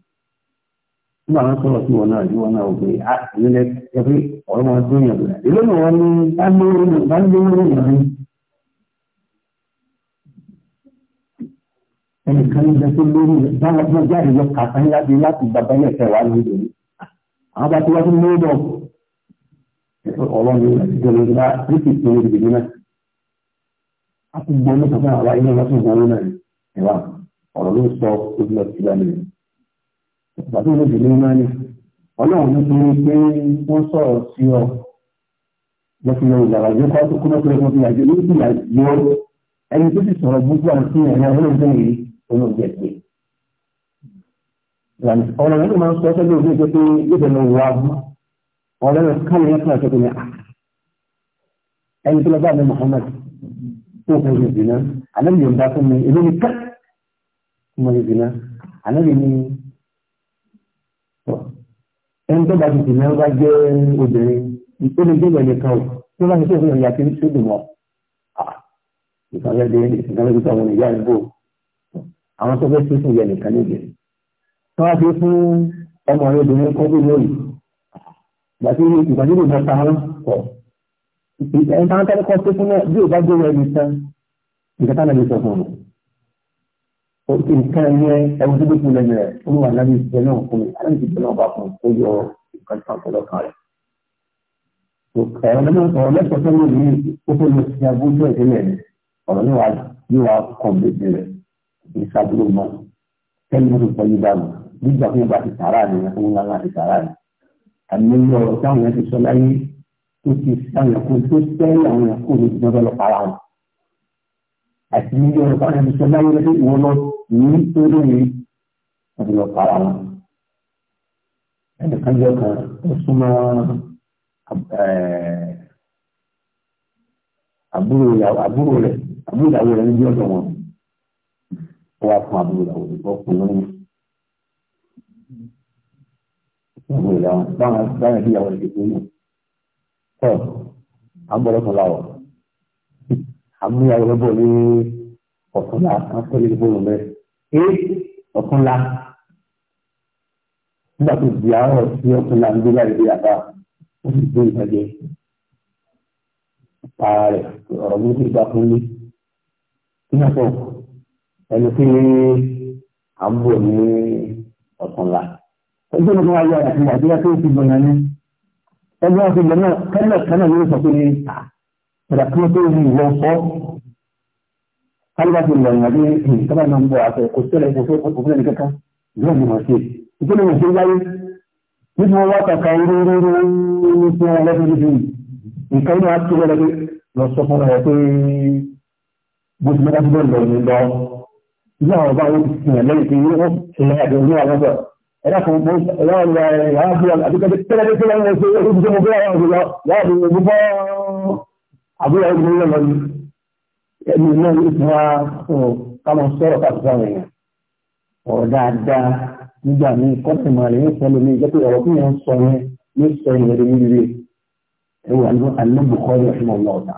nígbà wọn sọ̀rọ̀ sí wọn náà yíwọ náà ògbé àtìlẹ ẹgbẹ́ ọ̀rọ̀ wọn tó yàn lónà èló ni wọn ní bá ń lówó ní bá ń lówó ní ọdún. ẹnìkan ní bẹ́ẹ̀ tó lórí rẹ̀ báwọn tó jáde lọ kàtà ńlá bíi láti bàbá ilé ẹ̀fẹ́ wàá lóde ní. àwọn bá tó wá tó lówó bọ̀ ọ̀rọ̀ mi àti ìjọba ìjọba ní ti tó lórí ìdílé náà. a ti gbọ́ ní sọ́kàn àwa ilé wọn tó gbọ́ ìgbà tó lè dèlé máa ní ọlọ́run ní kí pé wọ́n sọ̀rọ̀ sí ọ lọ́sílẹ̀ ìgbàlódé kọ́ tó kúnlẹ̀ pẹ̀lú ọdún àjẹ ní ìgbà yóò ẹni tó sì sọ̀rọ̀ gbogbo àti ẹ̀rọ ọlọ́run yìí olóògbé pé ọ̀rọ̀ yẹn máa ń sọ sọ́dọ̀ òbí pé pé yóò bẹ̀rẹ̀ wọ abú ọ̀rọ̀ yẹn káyọ̀ yẹn kàn sọ́dọ̀ ní à ah. ẹni tó lọ bá mi Muhammad tó kọ́ ìrìn ìdìnnà àlẹ́ mi yóò bá fún mi èmi ní ká mo ìrìn ìdìnnà àlẹ́ mi ní ẹni tó bá ti dì náà bá jẹ́ obìnrin ìpele jẹ́ nìkan o tó bá ti tó ìwẹ̀ yàtí tó dùn mọ́ ìkànlẹ́dẹ́ ìkànlẹ́dẹ́ tó àwọn ìyá ìbò àwọn tó fẹ́ sí fún ìyẹn nìkan níbi tó wá sí fún ọmọ rẹ obìnrin kọ́ bí lórí gbàtí ìgbàdí lè mọ́ta wọn pọ̀ ẹni táwọn tẹ́lẹ̀ kọ́ fún náà bí ò bá gbé wọn ẹni tán ìkàtà náà lè sọ fún un nǹkan yẹn ẹ̀wọ̀n tó dókun lẹ́nu rẹ̀ ó wà lábẹ́ ìṣẹ́ náà fún mi aláǹ ti bẹ̀rẹ̀ ọba fún ó yọ nǹkan tó àpọ̀ lọ́kàn rẹ̀. ọ̀rọ̀ náà sọ̀rọ̀ lẹ́sọ̀ tó lò ní ó fẹ́ lọ sí abúlé ìdílé rẹ̀ ọ̀rọ̀ náà yóò wá kàn bèbè rẹ̀ ní sábúrò mọ́ tẹ́lẹ̀ mọ́tò pọ̀ yí dànù nígbà fún ìgbà ti sàrà ni fún ńlá láti sàrà ni. àmì ọ̀rọ̀ táwọn yẹn ti sọ láyé tó ti sáwọn yẹn kó tó sẹ́yìn àwọn àti ní ọ̀rọ̀ kan ẹni sọ láyé lọ́dún ìwọ lọ ní orí mi wọ́n ti lọ para wọn. ẹnìkan jẹ́ kan ó súnmọ́ eh, àbúrò àbúrò rẹ̀ àbúrò ìyàwó rẹ̀ níbi ọ̀dọ̀ wọn ó wá fún àbúrò ìyàwó rẹ̀ ó kún lóyún. àbúrò ìyàwó báwọn báwọn ìyàwó rẹ̀ ti kú tọ́ àbúrò kan láwọ̀ àmúyàwó lọ́bọ̀ ní ọ̀túnla àtúnlẹ̀ ìbòrò rẹ̀ é ọ̀túnla nígbà tó di àárọ̀ sí ọ̀túnla ń gbé láì dé àbá ó sì gbé ìbàjẹ́ para rẹ̀ ọ̀rọ̀ mi ti gbà fún mi nígbà tó ẹni tí à ń bọ̀ ní ọ̀túnla ẹgbẹ́ mi kan wáyé àti àti àti àti ìgbọ̀nyàn ni ẹgbẹ́ wọn ti gbọ̀nyàn kẹ́lẹ̀ kẹ́lẹ̀ ló sọ pé ní ta padà kí wọ́n tó rí ìwọ sọ kálíbàtì lọ ìrìn àbí èyí sábà máa ń bọ̀ àṣẹ kò sílẹ̀ kò fẹ́ kò fẹ́ nìkankan yóò mọ̀ sí i ìpínlẹ̀ ìṣe wáyé nígbà wọn wá kàkà irú irú irú ní fún wọn lọ́dún níbi nǹkan inú àti ìwé lọ́dún lọ sọ fún ọ pé bó ti mẹ́ta síbẹ̀ lọ ní lọ ilé àwọn ọba wọn ti sìn lẹ́yìn pé wọ́n ṣe àjọ ní àwọn ọ̀sẹ̀ ẹ̀dá àbúrò ẹni ló lọ ní ẹni náà ló fún wa fún káwọn sọ̀rọ̀ káàkiri àwọn èèyàn ọ̀rọ̀ dáadáa nígbà míì kọ́sìmọ̀ rẹ̀ ń sọ lómi jẹ́ pé ọ̀rọ̀ fún yẹn sọ yẹn ní sọ yẹn lórí rírì ẹ wà ní alẹ́bùkọ́ ní ọ̀sùn ọ̀la ọ̀tá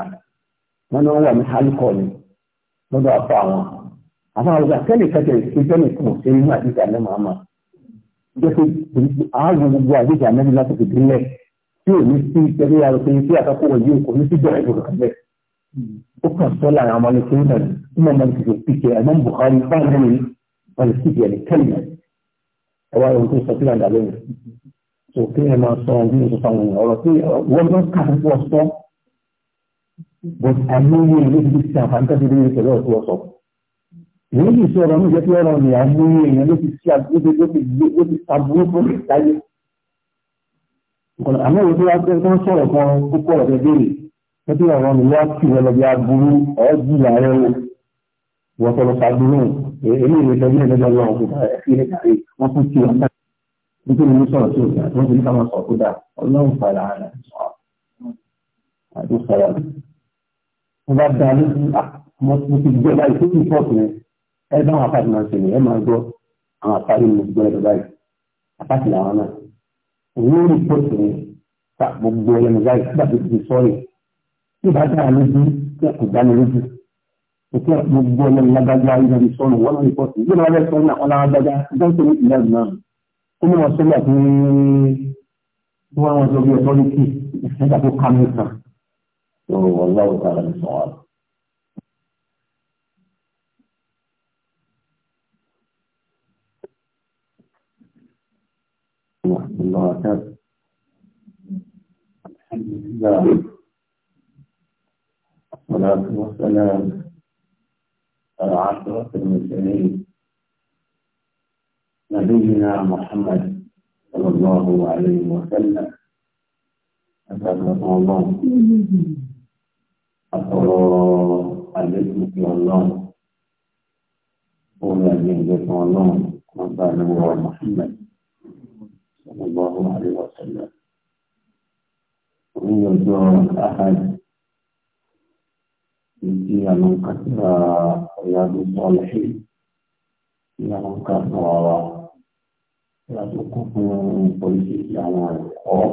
wọn ni wọ́n wà ní hálíkọ́ ni lọ́dọ̀ àpá àwọn àfáà ọ̀gá kẹ́lì kẹ́kẹ́ ìṣẹ́ni kò ṣe inú àdìsí àlẹ́ màmá jẹ́ tí ò ní sí ìtẹ́lẹ̀ yàrá pé tí àkàkọ́ wọ̀ yìí kò ní sí bẹ̀rẹ̀ ìrọ̀ kan bẹ́ẹ̀. ó kàn sọ láàrin àwọn ọmọlẹ́kẹ́ náà ní ìmọ̀ mọ̀lẹ́kẹ́ píkẹ́ àmọ́ Buhari báyìí ní mọ̀lẹ́kẹ́ ní kẹ́lẹ̀ ẹwà ohun tó sọ sílẹ̀ àdàlẹ́ yìí. tó kí ẹ máa sọ ohun tó sọ àwọn ọ̀rọ̀ tí wọ́n bá kà púpọ̀ sọ but àmúyẹ ilé ti ló ti ṣe àgbébé àmọ́ ìwé tó wá pé tó ń sọ̀rọ̀ kan kókó ọ̀rọ̀ béèrè pé kí mi wá kí ìwé lọ́bí aburú ọ̀ọ́dì ààrẹ o wọ́n tọ́ lọ èmi ìwé tọ́jú ní ẹgbẹ́ ọlọ́run kò dáa ẹ̀fí ní kàrí wọ́n tún kí wọn káàkiri mo bá dáa ní ah, mo ti gbé báyìí tó ti fọ́ọ̀tù rẹ̀ ẹ bá àwọn apáàtì máa ń ṣẹlẹ̀ ẹ máa gbọ́ àwọn apáàtì mo ti gbọ́ ẹ̀ òun rí pọ̀tù ní fa gbogbo ẹni báyìí nígbà tó ti sọ́ọ̀rì nígbà tá a lójú tí kò dá mi lójú òkè gbogbo ẹni lágbájá ìjọ ti sọ́ọ̀rì wọ́n rí pọ̀tù ìjọba wọn bẹ́ẹ̀ sọ́ọ̀rì náà wọn lágbájá tó ní ìlẹ́rù náà ó mú wọn àti wọn wọn sọ bí ọtọ́rìtì nígbà tó ká mi sàn tó wọ́n lọ́wọ́ وبركاته الحمد لله والصلاة والسلام على عشرة المسلمين نبينا محمد صلى الله عليه وسلم أسألكم الله أسأل عليكم في الله ولا يهديكم الله وصلى الله محمد sallallahu alaihi wasallam orí ọjọ́ ahad ìdí àwọn kàtàrà ọ̀yàdó sọ́ọ̀lẹ́hìn ní àwọn kàtàrà wa láti kó fún oríṣiríṣi àwọn ẹ̀kọ́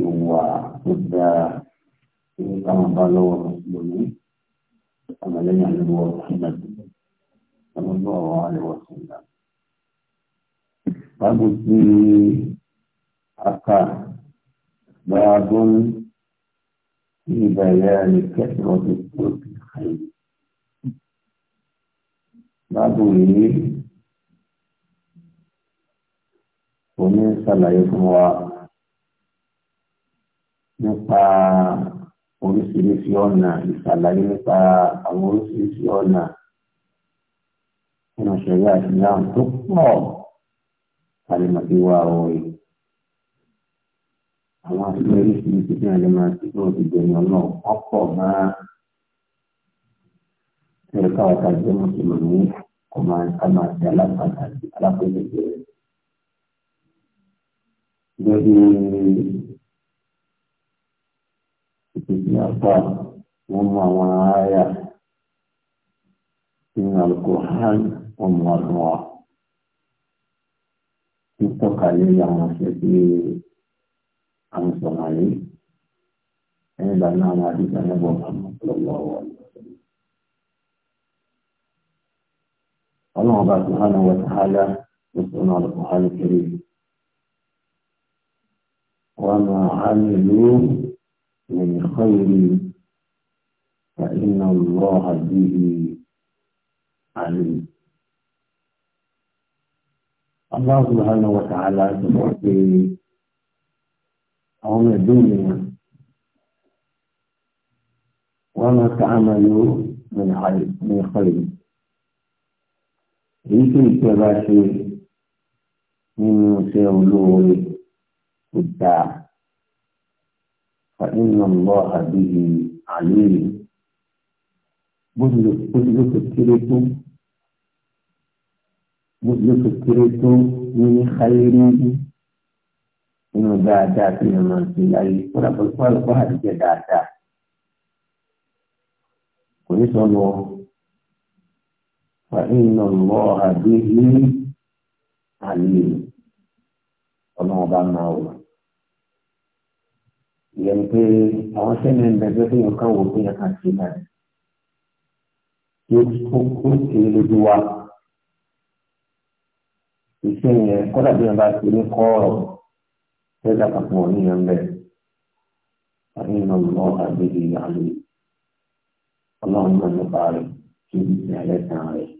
ìwà tó dára ní káwọn bá lọ́wọ́ lónìí àmàlẹ́yìn àlùwọ̀ ọ̀sán àti ọlọ́wọ́ àlùwọ̀ ọ̀sán náà fáàbù sí aka gbàgbọ́n ní ìbẹ̀rẹ̀ rẹ̀ kẹ́sìmọ̀ tó tó ti kàyé. Báàbù yìí kò ní ṣàlàyé fún wa nípa oríṣiríṣi ọ̀nà ìṣàlàyé nípa àwọn oríṣiríṣi ọ̀nà ìrànṣẹ́lẹ̀ àti ìyá tó pọ̀ alẹ́mọ̀tíwá ọ̀rẹ́ àwọn aṣọ oríṣiríṣi tí alẹ́ máa ti fún ìgbẹ̀yìn ọ̀nà ọ̀pọ̀ máa ṣe káwọn tàbí mùsùlùmí kò máa ká máa ṣe alápàtà alápèjì rẹ̀. lórí ìpèsè àpá wọn mú àwọn aráyà nínú àlùkò hàn wọn mú ọdún tọ́ka lórí àwọn aṣọ tí a ń sọ̀rọ̀ àlẹ́ ẹni ìgbà náà máa dìgbà náà bọ̀ lọ́wọ́ wa. ọlọ́run bá subhanahu wa ta'ala ló sọ̀rọ̀ al-Qur'an al-Karim. wa ma 'amilu min fa inna Allaha bihi 'alim. الله سبحانه وتعالى في عمر الدنيا وما تعملوا من خير يمكن التباشي من سيولوه الدعاء فإن الله به عليم بذلك كتبتم bó ti kéré tó ní xayiri nínú dáadáa tí mo máa ń ṣe láyé kódà bó ti pààlọ́ kó àdìjẹ dáadáa kò ní sọ lọ fàáyìn lọ àdéhì àlè ọlọ́wọ́n bá máa wọ̀ ìyẹn pé àwọn sẹ́ni ń bẹ̀rẹ̀ pé nǹkan wò pé nǹkan ṣe náà yóò tó kó kéré lójú wa. iṣẹ́ yẹn kọ́dà bí wọn bá ti ní kọ́ọ̀rọ̀ tẹ́lá kankan wọ̀ níyàn bẹ́ẹ̀ àbí iná lọ àgbègbè àlè ọlọ́run náà nípa rẹ̀ kí n ti alẹ́ tán rẹ̀.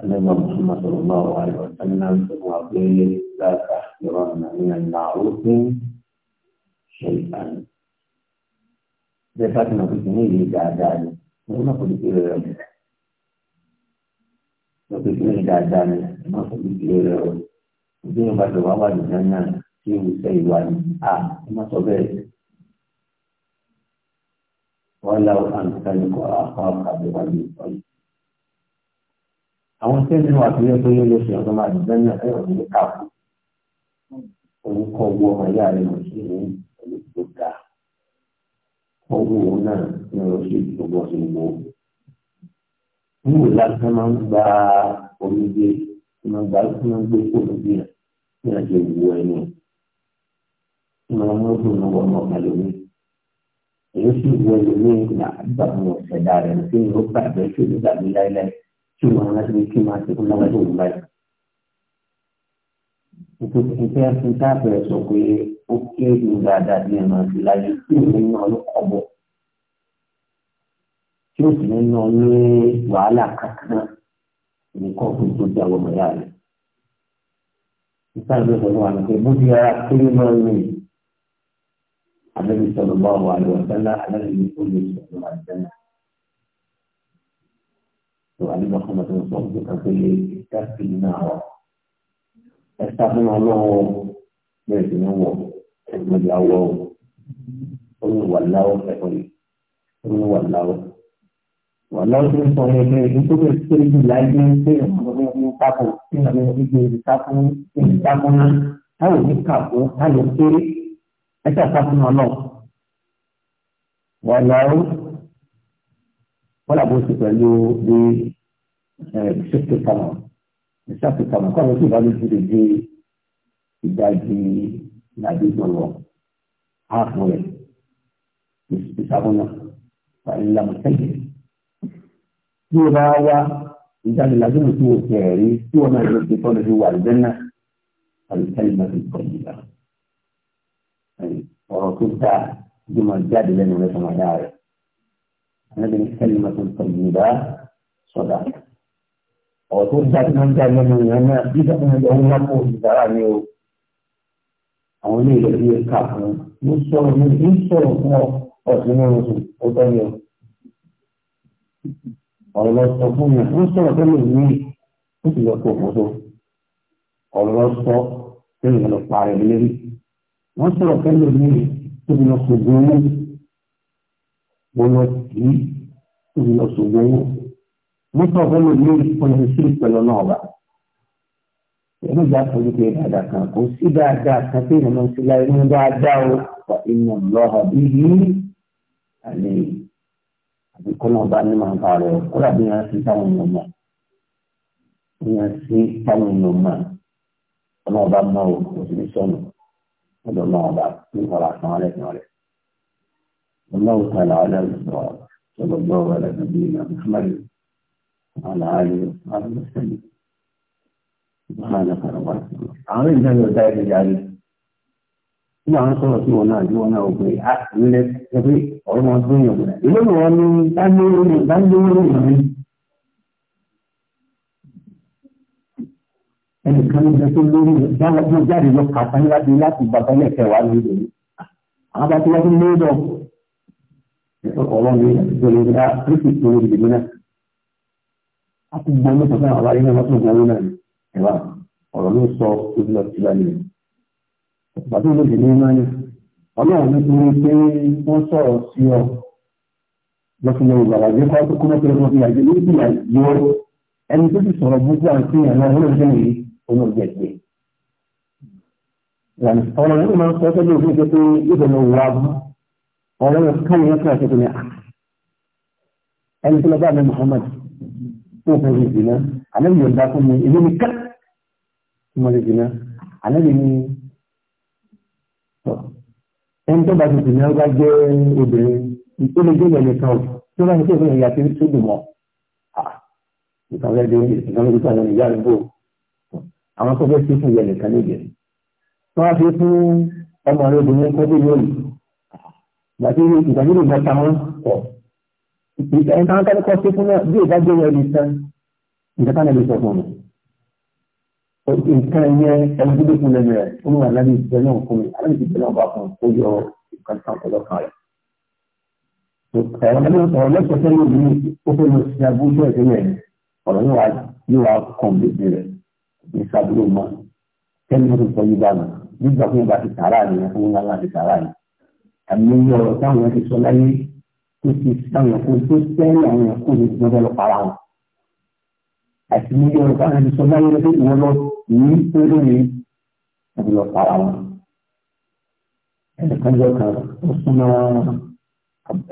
النبي محمد صلى الله عليه وسلم وقيل لا تحقرن من المعروف شيئا ده فاتنا في سنين دي قاعدة أنا ما كنت lọ́pẹ́ tí wọ́n dáadáa ni má kò ní ìdílé rẹ̀ o ìdí ìwọ̀n bá tẹ̀wọ́ wà nìyẹn náà tí ìwé sẹ́ ìwà ni a ẹ má sọ bẹ́ẹ̀. wọ́n la àǹtí kọ́ àwọn àbẹ̀wò àbí ìtọ́jú. àwọn sẹ́ni wà tó yẹ pé yóò lọ sí ọ̀dọ́ máa dìbẹ́ náà ẹ̀rọ ní káàkó. orúkọ owó ọmọ ìyá rẹ̀ mọ̀ sí ìwé ìlú tó ga. ọwọ́ òun náà ni ọ̀rọ̀ sí ìgbọ̀gbọ̀ sí ìgbọ̀gbọ̀ wúwo lásán máa ń gba omi gbé máa ń gba máa ń gbé fóònù bí yàn bí yàn ṣe wù ẹni máa ń mú fóònù wọn mọ ẹlòmíì èyí sì wù ẹlòmíì là bá wọn ṣẹ̀dá rẹ̀ nípa ìlú bàbẹ́ tí ó ní gbàgbé láíláí tí wọn á ti kí máa ti fún lọ́wọ́ tó ń báyìí. Ìpínlẹ̀ Fúnta sọ pé ó kéré dáadáa bí ẹ máa fi láyé tí ìlú ní ọlọ́kọ̀ bọ̀ tí ó sì ń lọ ní wàhálà kankan nìkan fún tó di àwọn ọmọ ìyá rẹ̀. Ìsáyẹ̀ ló sọ fún wa ní pé bó ti ara kéré náà ní àlejò sọ̀rọ̀ bá wà lọ sẹ́lá àlejò ní ó lè sọ̀rọ̀ wà sẹ́lá. Tó àlejò kan tó ń sọ fún kan pé ìta sí iná ọ̀. Ẹ sá fún wọn lọ́wọ́ bẹ́ẹ̀ sì ní wọ̀ ẹ̀gbọ́n ìyá wọ̀ ó ní wà láwọ̀ ẹ̀kọ́ yìí ó ní wà láwọ̀ wàláwọ́ tó ń sọ ní ẹgbẹ́ ìlú tó bẹ̀rẹ̀ tó ìlú láyé pé ìrànlọ́wọ́ ní pápọ̀ tí ìlànà ìgbé ìrìsáfún ìrìsáfún náà táwọn ní kàpọ̀ táwọn kéré ẹ̀ṣẹ̀ sáfún náà lọ. wàláwọ́ wọ́n làbó ti pẹ̀lú bí ṣètò kàmọ̀ ìṣàtò kàmọ̀ kọ́ àwọn tó bá ló ti lè dé ìdajì ìdajì ìgbọ̀nwọ́ ààfọ̀ rẹ̀ ìṣàfún náà pàlẹ́ tí ó bá wá ìjáde lágbèrè tí o tẹ̀ rí tí wọn náà ló ti tọ́ lójú wà lẹ́yìn náà àlùkálì máa ti kọ̀ yìí lọ. ọ̀rọ̀ tó ta ló máa jáde lẹ́nu rẹ̀ fún ọ̀dà rẹ̀. ànábi ní kálí máa ti kọ̀ yìí lọ sọ̀dà. ọ̀rọ̀ tó ta máa ń jáde lẹ́nu rẹ̀ náà bí dáhùn ẹ̀yọ́ ń wá kó ìdára ni o. àwọn ilé ìlú yẹn kà fún un ó sọ̀rọ̀ fún ọ ọ̀sìn ọ̀rọ̀ lọ sọ fún mi ó sọ̀rọ̀ tó lè ní ó sì lọ tó òfófó ọ̀rọ̀ lọ sọ tó lè lọ pa rẹ̀ lérí wọ́n sọ̀rọ̀ tó lè ní tó lè lọ sògùn owó mo lọ sí tó lè lọ sògùn owó wọ́n sọ̀rọ̀ tó lè ní ó lè sí ìpẹ̀lẹ̀ náà wà. Èmi ìjà fojú pé dáadáa kan kò sí dáadáa kan tí ìrìnà sí láyé dáadáa ó fa iná lọ́hà àti kọ́nà ọba ní màá bá rẹ̀ kọ́lá bí wọ́n ti táwọn èèyàn mọ̀ bí wọ́n ti táwọn èèyàn mọ̀ ọ̀nà ọba mọ̀ ò sì ní sọnù ọ̀dọ̀ ọ̀nà ọba ní ọ̀rọ̀ àtàn alẹ́ kan rẹ̀. والله تعالى على الصواب صلى الله على نبينا محمد وعلى آله وصحبه وسلم سبحانك ربنا عامل ده يودعي بالجعل tí àwọn sọ̀rọ̀ sí wọn náà ju wọn náà ògbé a nílẹ̀ ẹgbẹ́ ọ̀rọ̀ wọn tó yàn gbọ́dọ̀ ilé wọn ní dánilórí dánilórí mi. ẹnìkan ló jẹ tó lórí dáwọ́ jáde lọ kàtà níwájú láti bàbá ẹlẹ́kẹ̀ wá lórí rẹ̀ àwọn bá tó wá tó lórí ọ̀rọ̀ mi tó lórí rẹ̀ kírísì lórí rẹ̀ náà. a ti gbọ́ mọ́tò fún àwọn pàtó olóògbé ní ẹmọ ni ọlọ́run ní torí pé wọ́n sọ̀rọ̀ sí ọ lọ́sọ̀lọ́ ìgbàlá jẹ́ kó kó mọ́ tẹ́lẹ̀ fún ìyàjẹ́ lórí ìyà yọ ẹni tó sì sọ̀rọ̀ gbogbo àti ìyàn náà wọ́n lè yìí òun ò jẹ́ pé. ọ̀rọ̀ yẹn máa ń sọ sọ́jọ́ òfin pé yóò lọ wà bú ọ̀rọ̀ yẹn káyọ̀ yẹn kíláṣẹ́ tó ní à. ẹni tó lọ bá mi Muhammad tó fẹ́ fi jìnnà àlẹ́ mi yọ̀ǹda fún mi èmi ni ká mo lè jìnnà àlẹ́ mi ni ẹni tó bá ti dùn ní ọgbà jẹ́ obìnrin ó lè jẹ́ ìyẹn nìkan o tí ó bá ti tẹ̀sán ìyá tí ó dùn mọ́ ìtàn rẹ̀ di ìtàn rẹ̀ sọ̀rọ̀ ìyá rẹ̀ bò àwọn tó fẹ́ sí fún ìyẹn nìkan níbi tí wọ́n fi fún ọmọ rẹ̀ obìnrin kọ́ bí yóò gbà tí ìtàn yóò gbà táwọn pọ̀ ìtàn táwọn kọ́ sí fún náà bí ìdájọ́ rẹ̀ nìkan ìtàn táwọn nǹkan yẹn ẹgbẹ́ fún lẹ́nu rẹ̀ ó ń wà lábẹ́ ìgbẹ́ náà fún mi alábẹ́ ìgbẹ́ náà bá fún ó yọ nǹkan kan ọlọ́kan rẹ̀. ọ̀rọ̀ lẹ́sọ̀ sẹ́yìn mi ó fẹ́ lọ sí abúlé ẹ̀sẹ̀ rẹ̀ ọ̀rọ̀ yóò wá kàn bèbè rẹ̀ ní sábúrò mọ́ kẹ́mi ló sọ yí bánu nígbà fún ìgbà ti sàárà ni wọ́n fún ńlá ti sàárà ni. àmì ọ̀rọ̀ táwọn ti sọ láyé tó ti sáwọn kó nítorí ni wọ́n lọ para wọn. ẹnìkan jọ kan ó súnmọ́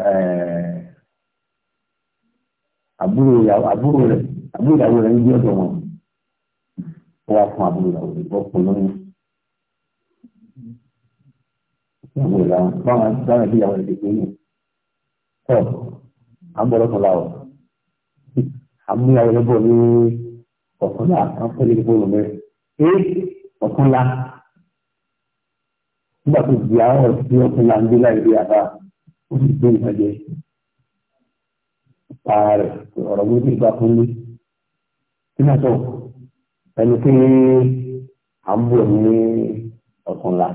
eh, àbúrò àbúrò rẹ̀ àbúrò ìyàwó rẹ̀ ń gbé ọ̀dọ̀ wọn ó wá fún àbúrò ìyàwó rẹ̀ bọ́ pọ̀ lóyún. ìyàwó rẹ̀ làwọn báwọn báwọn ẹbí ìyàwó rẹ̀ ti gbé yìí. tọ́ àbọ̀lọ́kọ̀ làwọ̀ àmúyàwó rẹ̀ bọ̀ ní ọ̀kan náà kan fẹ́lẹ́ gbọ́dọ̀ mẹ́rin pé ọ̀túnla nígbà tó di àwọn ọ̀sìn ọ̀túnla ń gbé láì rí àbá ó sì gbé nǹkan jẹ pa rẹ̀ ọ̀rọ̀ gbé nígbà tó ní kí náà sọ ẹni pé à ń bọ̀ ní ọ̀túnla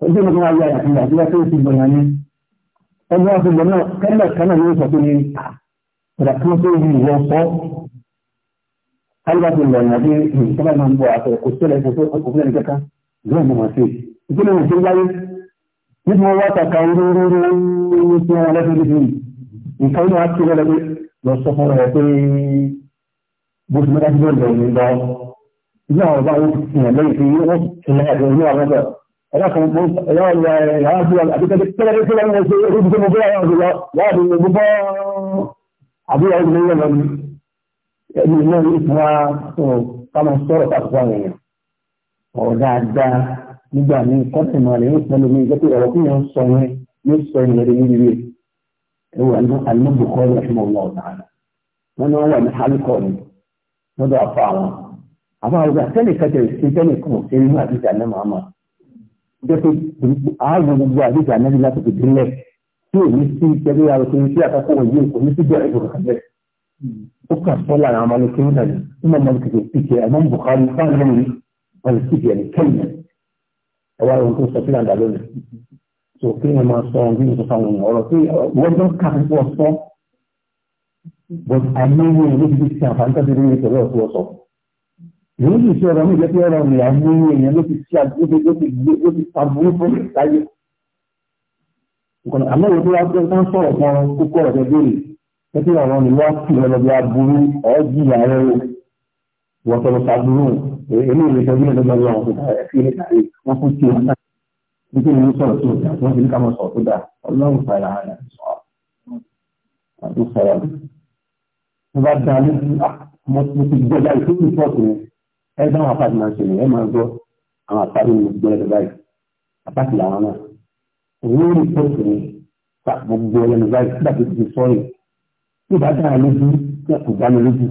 ó jẹ́ nǹkan ayé àyàfi àti wáṣẹ́ ó ti gbọ̀n yàn ẹni wọ́n ti náà kẹ́lẹ̀ kan náà ló sọ pé ní ah, ọ̀dà tí wọ́n tó alibati lọ́yìn àti ìjọba máa ń bọ̀ àtọ̀ kò tẹ́lẹ̀ kò fẹ́ kò fẹ́ nìkẹ́kẹ́ gbọ́n mọ̀ sí ìjọba máa ṣe láyé níbi wọn wá tàkà rúrúrú tí wọn lẹ́fẹ́ níbi nǹkan inú àti ìrọ̀lẹ́ pé lọ sọ fún ọ̀rẹ́ pé bó ti mẹ́ta síbẹ̀ lọ ní lọ ilé àwọn ọba wọn ti hàn lẹ́yìn pé wọ́n ti lẹ́ àjọ inú àwọn ọba ẹ̀yà kan mọ́ ẹ̀yà ọ̀lẹ́ ẹ̀yà àbúrò àbíkẹ́lẹ́ tẹ́lẹ̀ tẹ́lẹ̀ wọn ṣe orí ibi tó mọ ẹni náà ní fún wa ká máa sọ̀rọ̀ pàtàkì àwọn èèyàn ọ̀rọ̀ dáadáa nígbà míì kọ́tà ìmọ̀ rẹ̀ yóò pẹ́lú mi jẹ́ pé ọ̀rọ̀ kí wọ́n sọ yẹn yóò sọ ẹni rẹ̀ ní rírẹ̀ ẹ̀wọ̀ alimọ́bùkọ́ rẹ̀ fún ọ̀la ọ̀la wọn ni wọ́n wà ní hálíkọ́ ni lọ́dọ̀ àfa àwọn àfa àwọn ọ̀gá tẹ́lẹ̀ kẹtẹ̀ ṣe tẹ́lẹ̀ kan ṣe nínú àdìjà náà màmá jẹ́ pé ààrùn gbogbo àdìjà náà láti fi dínlẹ̀ tí ò ní sí ìtẹ́lẹ̀ àròkè sí àkọ́kọ́ òye kò ní sí bẹ̀rẹ̀ ìgbòkànlẹ̀ dukkan solayen maliki yana ne imam maliki ke fike a man bukari kan nani maliki ke ne kai ne a wayan ko sa filan da lona so ke ne ma so ngin so kan wani ọ̀rọ̀ ke wannan kan ko so but amma ne ne bi ta fanta da ne ke so so yóò sì ṣe ọ̀rọ̀ mi jẹ́ pé ọ̀rọ̀ mi àwọn èèyàn ló ti ṣe àgbébé ló ti gbé ló ti pàbùrú fún mi láyé àmọ́ ìwé tó wá pé wọ́n sọ̀rọ̀ kan kókó ọ̀rọ̀ tó pẹ́kí àwọn ni wọ́n kì lọ́lọ́ bí aburú ọ́jì ààrẹ wọ́n tọrọ sàbúrú èmi ìrìn sọ́jú ìlọ́gbọ̀n lọ́wọ́ tó dáa ẹ̀fí ní káàrí wọ́n kú tí wọ́n nígbà ní sọ̀rọ̀ tó dáa wọ́n fi ní kámọ̀ sọ̀rọ̀ tó dáa ọlọ́run fara ara sọ àdúgbò sọ̀rọ̀ tó bá dáa ní ah, mo ti gbọ́ láì tó ti pọ̀ tó ẹ dáhùn apáti máa ń ṣe ẹ máa gbọ́ àwọn tó bá dára lójú tẹ kò dá mi lójú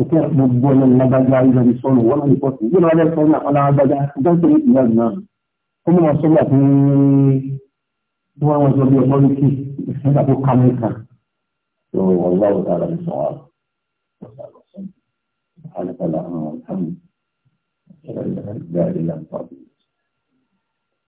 òkè mo gbọ́ ọ lẹ́nu lágbájá ìjọba ìsọnù wọn náà nìkan sí ìjọba ìjọba ìsọnù àpàlà lágbájá ìjọba ìjọba ìjọba ó mú wọn sọ́gbà tó ń wọ́n wọn sọ bí ọmọ lókè nígbà tó ká mi tó wọ́n wá wọ́n dára ní sọ̀rọ̀ àlọ́ sọ̀rọ̀ àlọ́ sọ̀rọ̀